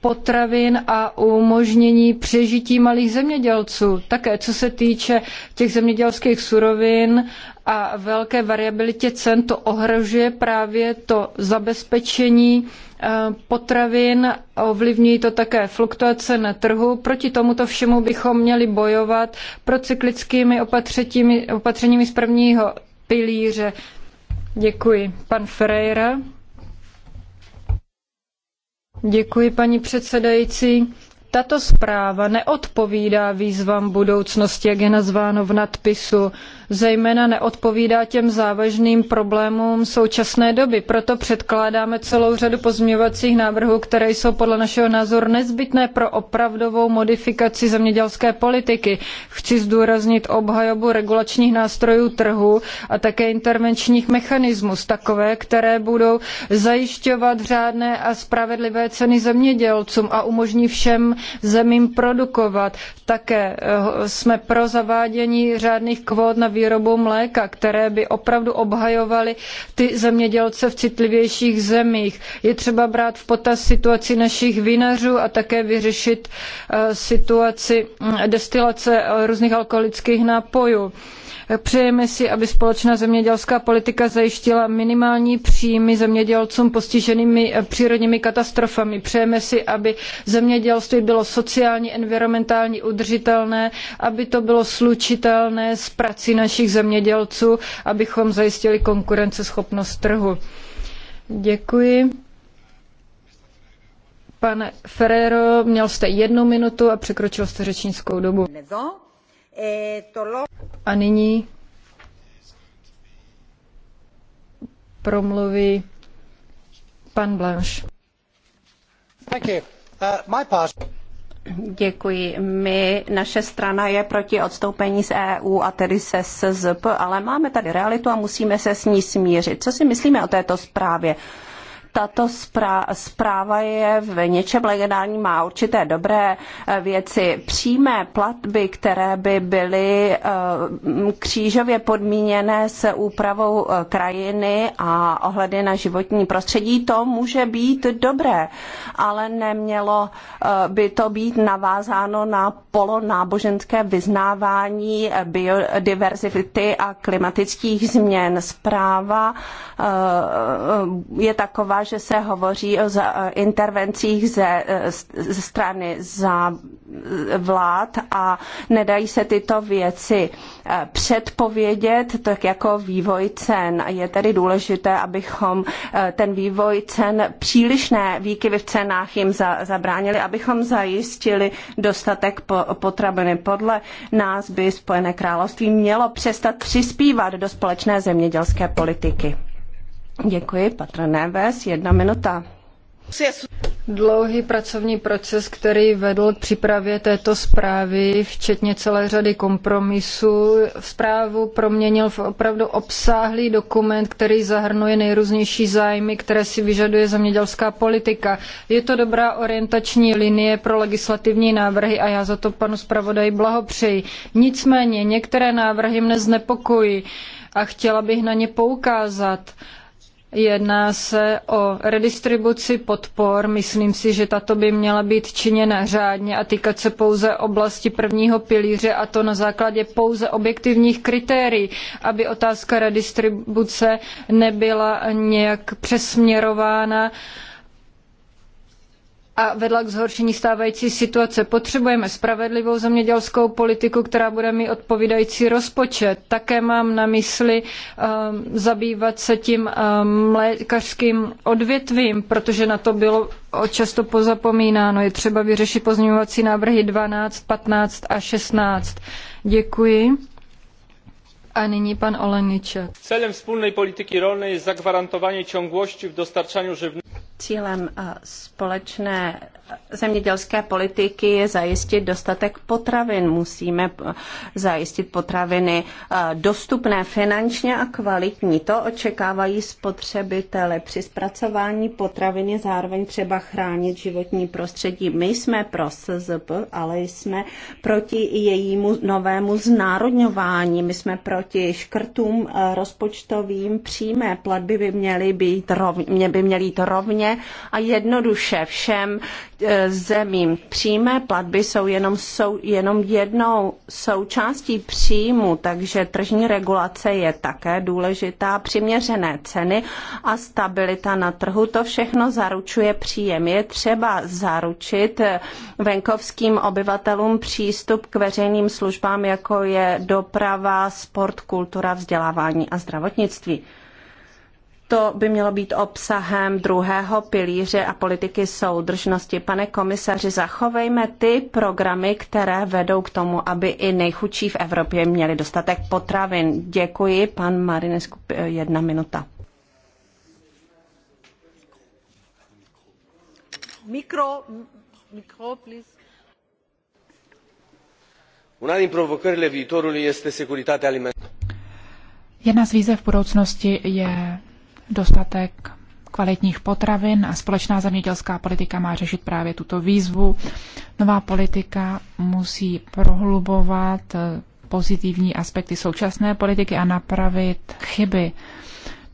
potravin a umožnění přežití malých zemědělců. Také co se týče těch zemědělských surovin a velké variabilitě cen, to ohrožuje právě to zabezpečení eh, potravin, ovlivňují to také fluktuace na trhu. Proti tomuto všemu bychom měli bojovat procyklickými opatřeními, opatřeními z prvního pilíře. Děkuji. Pan Ferreira. Děkuji, paní předsedající. Tato zpráva neodpovídá výzvám budoucnosti, jak je nazváno v nadpisu zejména neodpovídá těm závažným problémům současné doby. Proto předkládáme celou řadu pozměňovacích návrhů, které jsou podle našeho názoru nezbytné pro opravdovou modifikaci zemědělské politiky. Chci zdůraznit obhajobu regulačních nástrojů trhu a také intervenčních mechanismů, takové, které budou zajišťovat řádné a spravedlivé ceny zemědělcům a umožní všem zemím produkovat. Také eh, jsme pro zavádění řádných kvót na výrobou mléka, které by opravdu obhajovaly ty zemědělce v citlivějších zemích. Je třeba brát v potaz situaci našich vinařů a také vyřešit eh, situaci mm, destilace eh, různých alkoholických nápojů. Přejeme si, aby společná zemědělská politika zajištila minimální příjmy zemědělcům postiženými eh, přírodními katastrofami. Přejeme si, aby zemědělství bylo sociálně, environmentálně udržitelné, aby to bylo slučitelné s prací našich zemědělců, abychom zajistili konkurenceschopnost trhu. Děkuji. Pane Ferrero, měl jste jednu minutu a překročil jste řečnickou dobu. Nezo? A nyní promluví pan Blanche. Thank you. Uh, my part... Děkuji. My, naše strana je proti odstoupení z EU a tedy se SZP, ale máme tady realitu a musíme se s ní smířit. Co si myslíme o této zprávě? tato zpráva je v něčem legendární, má určité dobré eh, věci. Přímé platby, které by byly eh, křížově podmíněné s úpravou eh, krajiny a ohledy na životní prostředí, to může být dobré, ale nemělo by to být navázáno na polonáboženské vyznávání biodiverzity a klimatických změn. Zpráva je taková, že se hovoří o eh, intervencích ze, eh, ze strany za eh, vlád a nedají se tyto věci předpovědět, tak jako vývoj cen. Je tedy důležité, abychom ten vývoj cen, přílišné výkyvy v cenách jim za, zabránili, abychom zajistili dostatek potraviny. Podle nás by Spojené království mělo přestat přispívat do společné zemědělské politiky. Děkuji, Patr Neves, jedna minuta. Dlouhý pracovní proces, který vedl k přípravě této zprávy, včetně celé řady kompromisů, zprávu proměnil v opravdu obsáhlý dokument, který zahrnuje nejrůznější zájmy, které si vyžaduje zemědělská politika. Je to dobrá orientační linie pro legislativní návrhy a já za to panu zpravodaji blahopřeji. Nicméně některé návrhy mne znepokojí a chtěla bych na ně poukázat. Jedná se o redistribuci podpor. Myslím si, že tato by měla být činěna řádně a týkat se pouze oblasti prvního pilíře a to na základě pouze objektivních kritérií, aby otázka redistribuce nebyla nějak přesměrována uh, a vedla k zhoršení stávající situace. Potřebujeme spravedlivou zemědělskou politiku, která bude mít odpovídající rozpočet. Také mám na mysli um, zabývat se tím um, lékařským odvětvím, protože na to bylo často pozapomínáno. Je třeba vyřešit pozměňovací návrhy 12, 15 a 16. Děkuji. A nyní pan Oleniček. Celem wspólnej polityki rolnej jest zagwarantowanie ciągłości w dostarczaniu żywności. Cílem eh, společné zemědělské politiky je zajistit dostatek potravin. Musíme eh, zajistit potraviny eh, dostupné finančně a kvalitní. To očekávají spotřebitele. Při zpracování potravin je zároveň třeba chránit životní prostředí. My jsme pro SZP, ale jsme proti jejímu novému znárodňování. My jsme proti škrtům eh, rozpočtovým. Přímé platby by měly, být rovně, by měly jít rovně a jednoduše všem E, zemím. Přímé platby jsou jenom, jsou jenom jednou součástí příjmu, takže tržní regulace je také důležitá, přiměřené ceny a stabilita na trhu. To všechno zaručuje příjem. Je třeba zaručit e, venkovským obyvatelům přístup k veřejným službám, jako je doprava, sport, kultura, vzdělávání a zdravotnictví. To by mělo být obsahem druhého pilíře a politiky soudržnosti. Pane komisaři, zachovejme ty programy, které vedou k tomu, aby i nejchudší v Evropě měli dostatek potravin. Děkuji, pan Marinesku, jedna minuta. Mikro, mikro, please. Una din provocările viitorului este securitatea alimentară. Jedna z výzev v budoucnosti je dostatek kvalitních potravin a společná zemědělská politika má řešit právě tuto výzvu. Nová politika musí prohlubovat eh, pozitivní aspekty současné politiky a napravit chyby.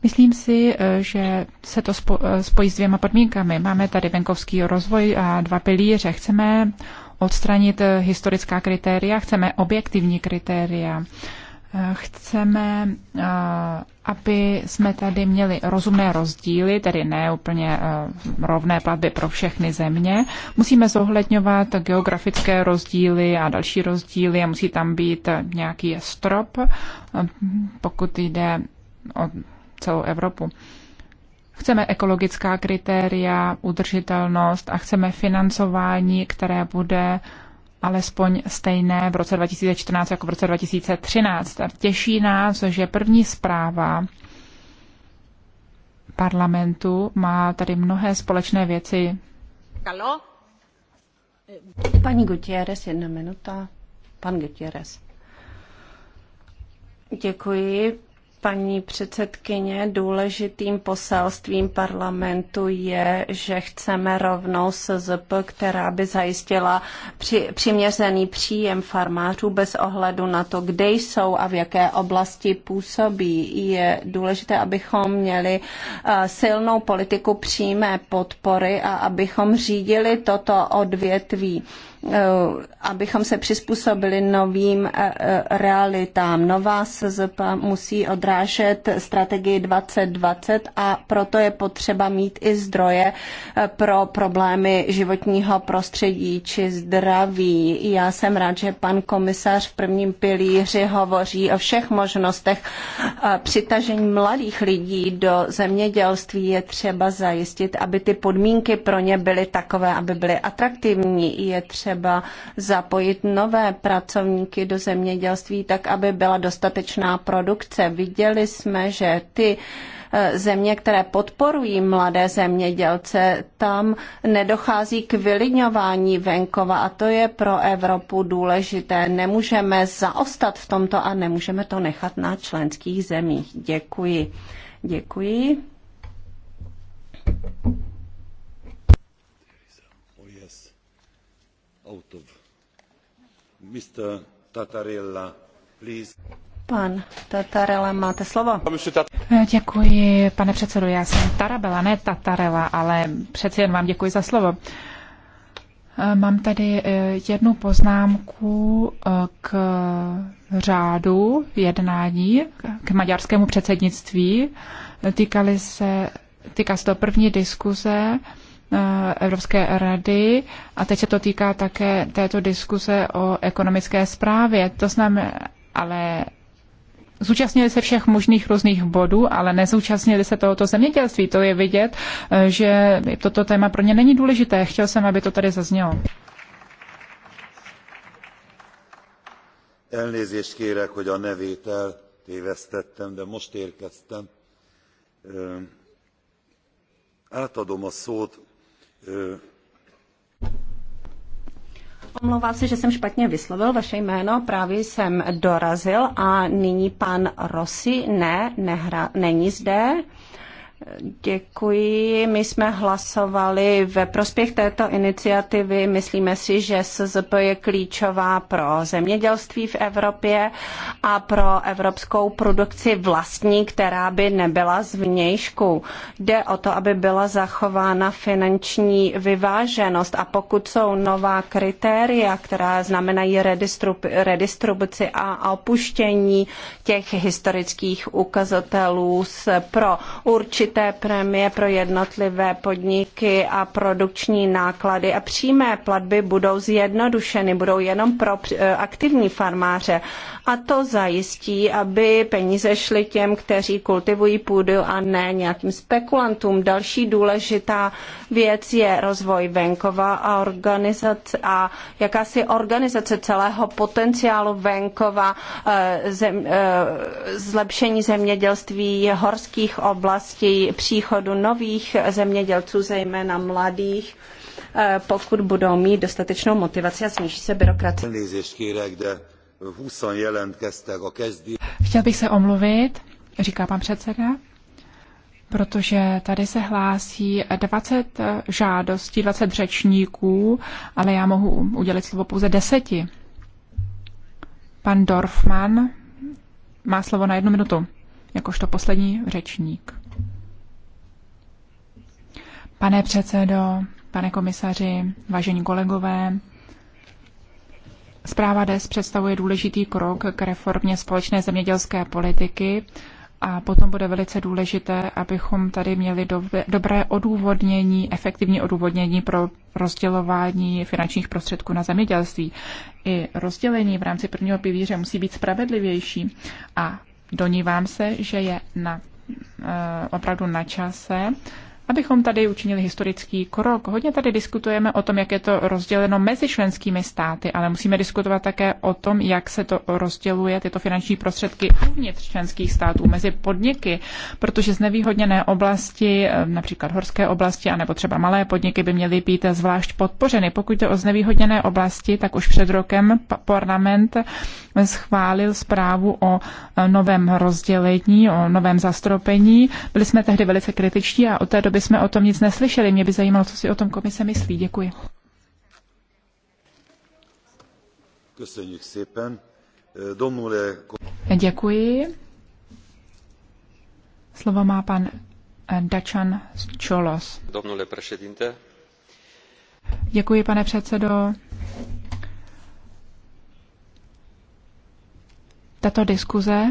Myslím si, eh, že se to eh, spojí s dvěma podmínkami. Máme tady venkovský rozvoj a dva pilíře. Chceme odstranit historická kritéria, chceme objektivní kritéria chceme, eh, aby jsme tady měli rozumné rozdíly, tedy ne úplně eh, rovné platby pro všechny země. Musíme zohledňovat geografické rozdíly a další rozdíly a musí tam být nějaký strop, eh, pokud jde o celou Evropu. Chceme ekologická kritéria, udržitelnost a chceme financování, které bude uh, alespoň stejné v roce 2014 jako v roce 2013. těší nás, že první zpráva parlamentu má tady mnohé společné věci. Halo? Paní Gutierrez, jedna minuta. Pan Gutierrez. Děkuji, paní předsedkyně, důležitým poselstvím parlamentu je, že chceme rovnou SZP, která by zajistila při, přiměřený příjem farmářů bez ohledu na to, kde jsou a v jaké oblasti působí. Je důležité, abychom měli eh, silnou politiku přímé podpory a abychom řídili toto odvětví Eh, abychom se přizpůsobili novým eh, eh, realitám. Nová SZP musí odrážet strategii 2020 a proto je potřeba mít i zdroje pro problémy životního prostředí či zdraví. Já jsem rád, že pan komisař v prvním pilíři hovoří o všech možnostech přitažení mladých lidí do zemědělství. Je třeba zajistit, aby ty podmínky pro ně byly takové, aby byly atraktivní. Je třeba třeba zapojit nové pracovníky do zemědělství, tak aby byla dostatečná produkce. Viděli jsme, že ty eh, země, které podporují mladé zemědělce, tam nedochází k vylidňování venkova a to je pro Evropu důležité. Nemůžeme zaostat v tomto a nemůžeme to nechat na členských zemích. Děkuji. Děkuji. Pan Tatarela, máte slovo. Eh, děkuji, pane předsedo. Já jsem Tarabela, ne Tatarela, ale přeci jen vám děkuji za slovo. Eh, mám tady eh, jednu poznámku k řádu jednání, k maďarskému předsednictví. Týkaly se, týká se to první diskuze Eh, Evropské rady a teď se to týká také této diskuse o ekonomické zprávě. To znamená, ale Zúčastnili se všech možných různých bodů, ale nezúčastnili se tohoto zemědělství. To je vidět, eh, že toto téma pro ně není důležité. Chtěl jsem, aby to tady zaznělo. Elnézést kérek, hogy a nevét eltévesztettem, de most érkeztem. Átadom a szót Eh. Omlouvám se, že jsem špatně vyslovil vaše jméno, právě jsem dorazil a nyní pan Rossi, ne, nehra, není zde. Děkuji. My jsme hlasovali ve prospěch této iniciativy. Myslíme si, že SZP je klíčová pro zemědělství v Evropě a pro evropskou produkci vlastní, která by nebyla z vnějšku. Jde o to, aby byla zachována finanční vyváženost a pokud jsou nová kritéria, která znamenají redistribuci a opuštění těch historických ukazatelů pro určitě určité prémie pro jednotlivé podniky a produkční náklady a přímé platby budou zjednodušeny, budou jenom pro eh, aktivní farmáře. A to zajistí, aby peníze šly těm, kteří kultivují půdu a ne nějakým spekulantům. Další důležitá věc je rozvoj venkova a organizace a jakási organizace celého potenciálu venkova, eh, eh, zlepšení zemědělství, horských oblastí, příchodu nových zemědělců, zejména mladých, eh, pokud budou mít dostatečnou motivaci a sníží se byrokracie. Chtěl bych se omluvit, říká pan předseda, protože tady se hlásí 20 eh, žádostí, 20 řečníků, ale já mohu udělit slovo pouze deseti. Pan Dorfman má slovo na jednu minutu, jakožto poslední řečník. Pane předsedo, pane komisaři, vážení kolegové, zpráva DES představuje důležitý krok k reformě společné zemědělské politiky a potom bude velice důležité, abychom tady měli dobré odůvodnění, efektivní odůvodnění pro rozdělování finančních prostředků na zemědělství. I rozdělení v rámci prvního pilíře musí být spravedlivější a donívám se, že je na, eh, opravdu na čase, abychom tady učinili historický krok. Hodně tady diskutujeme o tom, jak je to rozděleno mezi členskými státy, ale musíme diskutovat také o tom, jak se to rozděluje, tyto finanční prostředky uvnitř členských států, mezi podniky, protože znevýhodněné oblasti, eh, například horské oblasti, anebo třeba malé podniky by měly být zvlášť podpořeny. Pokud jde o znevýhodněné oblasti, tak už před rokem parlament schválil zprávu o eh, novém rozdělení, o novém zastropení. Byli jsme tehdy velice kritičtí a od té doby aby jsme o tom nic neslyšeli. Mě by zajímalo, co si o tom komise myslí. Děkuji. Děkuji. Slovo má pan eh, Dačan Čolos. Děkuji, pane předsedo. Tato diskuze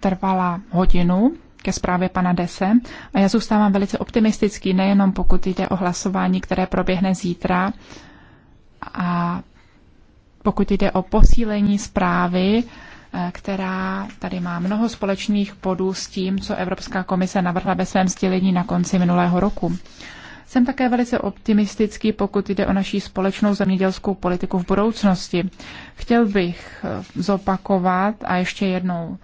trvala hodinu ke zprávě pana Dese a já zůstávám velice optimistický, nejenom pokud jde o hlasování, které proběhne zítra a pokud jde o posílení zprávy, eh, která tady má mnoho společných bodů s tím, co Evropská komise navrhla ve svém sdělení na konci minulého roku. Jsem také velice optimistický, pokud jde o naší společnou zemědělskou politiku v budoucnosti. Chtěl bych eh, zopakovat a ještě jednou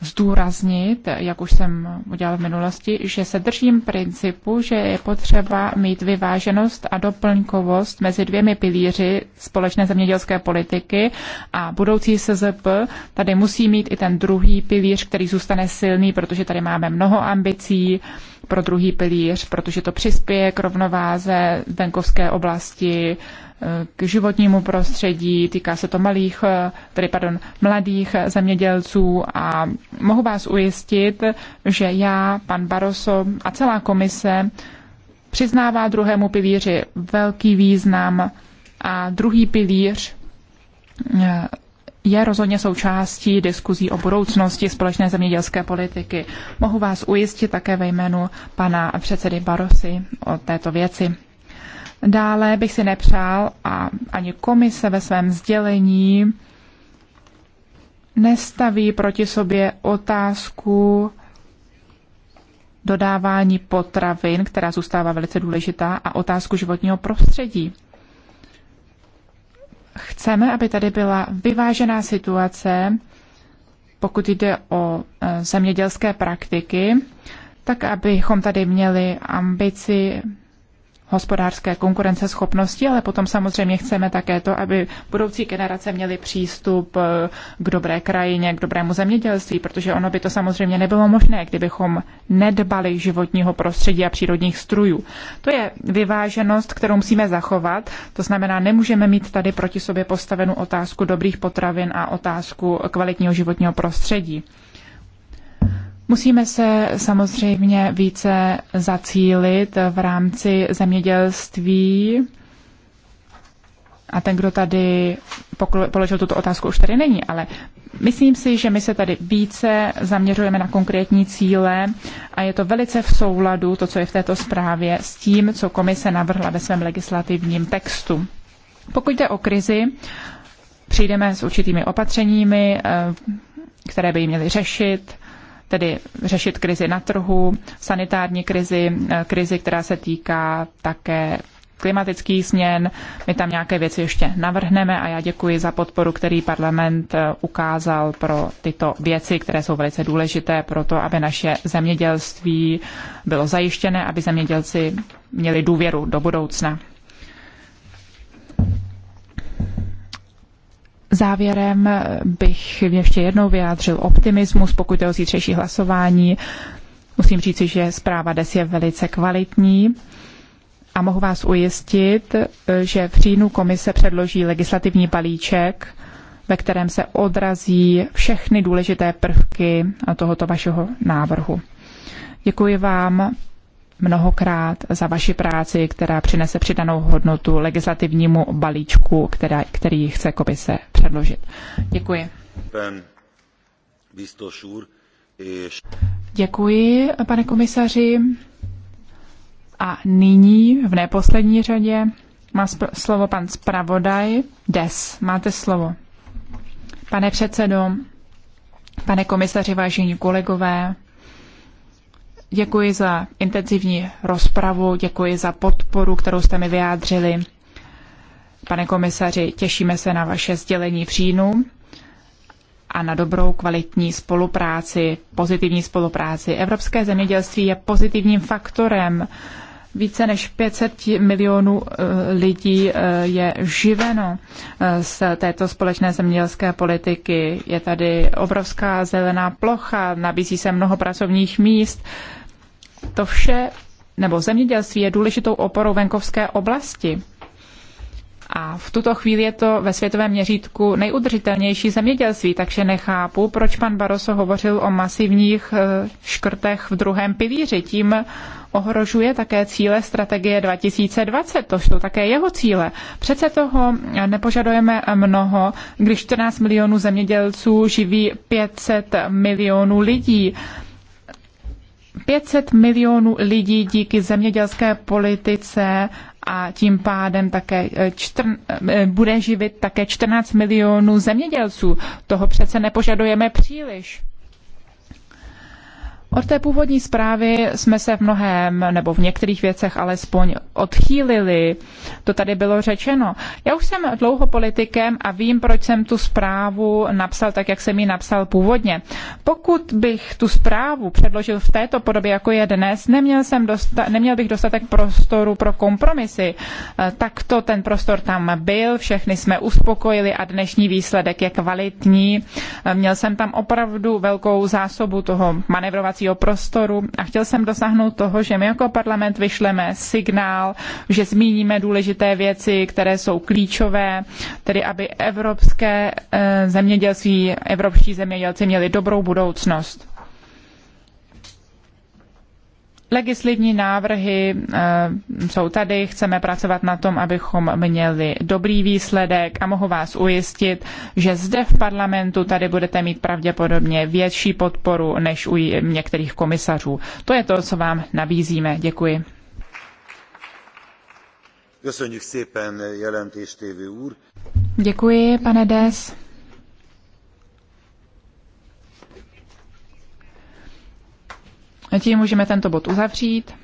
zdůraznit, jak už jsem udělal v minulosti, že se držím principu, že je potřeba mít vyváženost a doplňkovost mezi dvěmi pilíři společné zemědělské politiky a budoucí SZP tady musí mít i ten druhý pilíř, který zůstane silný, protože tady máme mnoho ambicí, pro druhý pilíř, protože to přispěje k rovnováze venkovské oblasti, eh, k životnímu prostředí, týká se to malých, eh, tedy pardon, mladých zemědělců a mohu vás ujistit, že já, pan Baroso a celá komise přiznává druhému pilíři velký význam a druhý pilíř eh, je rozhodně součástí diskuzí o budoucnosti společné zemědělské politiky. Mohu vás ujistit také ve jménu pana předsedy Barosy o této věci. Dále bych si nepřál a ani komise ve svém sdělení nestaví proti sobě otázku dodávání potravin, která zůstává velice důležitá, a otázku životního prostředí chceme, aby tady byla vyvážená situace, pokud jde o e, zemědělské praktiky, tak abychom tady měli ambici hospodářské konkurenceschopnosti, ale potom samozřejmě chceme také to, aby budoucí generace měly přístup eh, k dobré krajině, k dobrému zemědělství, protože ono by to samozřejmě nebylo možné, kdybychom nedbali životního prostředí a přírodních strujů. To je vyváženost, kterou musíme zachovat, to znamená, nemůžeme mít tady proti sobě postavenou otázku dobrých potravin a otázku kvalitního životního prostředí. Musíme se samozřejmě více zacílit v rámci zemědělství. A ten, kdo tady položil tuto otázku, už tady není, ale myslím si, že my se tady více zaměřujeme na konkrétní cíle a je to velice v souladu, to, co je v této zprávě, s tím, co komise navrhla ve svém legislativním textu. Pokud jde o krizi, přijdeme s určitými opatřeními, eh, které by ji měly řešit, tedy řešit krizi na trhu, sanitární krizi, eh, krizi, která se týká také klimatických změn. My tam nějaké věci ještě navrhneme a já děkuji za podporu, který parlament eh, ukázal pro tyto věci, které jsou velice důležité pro to, aby naše zemědělství bylo zajištěné, aby zemědělci měli důvěru do budoucna. Závěrem bych ještě jednou vyjádřil optimismus, pokud je o zítřejší hlasování. Musím říci, že zpráva DES je velice kvalitní a mohu vás ujistit, že v říjnu komise předloží legislativní balíček, ve kterém se odrazí všechny důležité prvky tohoto vašeho návrhu. Děkuji vám mnohokrát za vaši práci, která přinese přidanou hodnotu legislativnímu balíčku, která, který chce komise předložit. Děkuji. Děkuji, pane komisaři. A nyní, v neposlední řadě, má slovo pan zpravodaj Des. Máte slovo. Pane předsedo, pane komisaři, vážení kolegové, Děkuji za intenzivní rozpravu, děkuji za podporu, kterou jste mi vyjádřili. Pane komisaři, těšíme se na vaše sdělení v říjnu a na dobrou kvalitní spolupráci, pozitivní spolupráci. Evropské zemědělství je pozitivním faktorem. Více než 500 milionů eh, lidí eh, je živeno eh, z této společné zemědělské politiky. Je tady obrovská zelená plocha, nabízí se mnoho pracovních míst. To vše, nebo zemědělství je důležitou oporou venkovské oblasti. A v tuto chvíli je to ve světovém měřítku nejudržitelnější zemědělství, takže nechápu, proč pan Baroso hovořil o masivních eh, škrtech v druhém pilíři. Tím ohrožuje také cíle strategie 2020, to jsou také jeho cíle. Přece toho nepožadujeme mnoho, když 14 milionů zemědělců živí 500 milionů lidí. 500 milionů lidí díky zemědělské politice a tím pádem také eh, čtr, eh, bude živit také 14 milionů zemědělců. Toho přece nepožadujeme příliš. Od té původní zprávy jsme se v mnohem, nebo v některých věcech alespoň odchýlili. To tady bylo řečeno. Já už jsem dlouho politikem a vím, proč jsem tu zprávu napsal tak, jak jsem ji napsal původně. Pokud bych tu zprávu předložil v této podobě, jako je dnes, neměl, jsem dosta- neměl bych dostatek prostoru pro kompromisy. Eh, tak to ten prostor tam byl, všechny jsme uspokojili a dnešní výsledek je kvalitní. Eh, měl jsem tam opravdu velkou zásobu toho manevrovací manévrovacího prostoru a chtěl jsem dosáhnout toho, že my jako parlament vyšleme signál, že zmíníme důležité věci, které jsou klíčové, tedy aby evropské eh, zemědělství, evropští zemědělci měli dobrou budoucnost. Legislativní návrhy eh, jsou tady, chceme pracovat na tom, abychom měli dobrý výsledek a mohu vás ujistit, že zde v parlamentu tady budete mít pravděpodobně větší podporu než u některých komisařů. To je to, co vám nabízíme. Děkuji. Děkuji, pane Des. Tím můžeme tento bod uzavřít.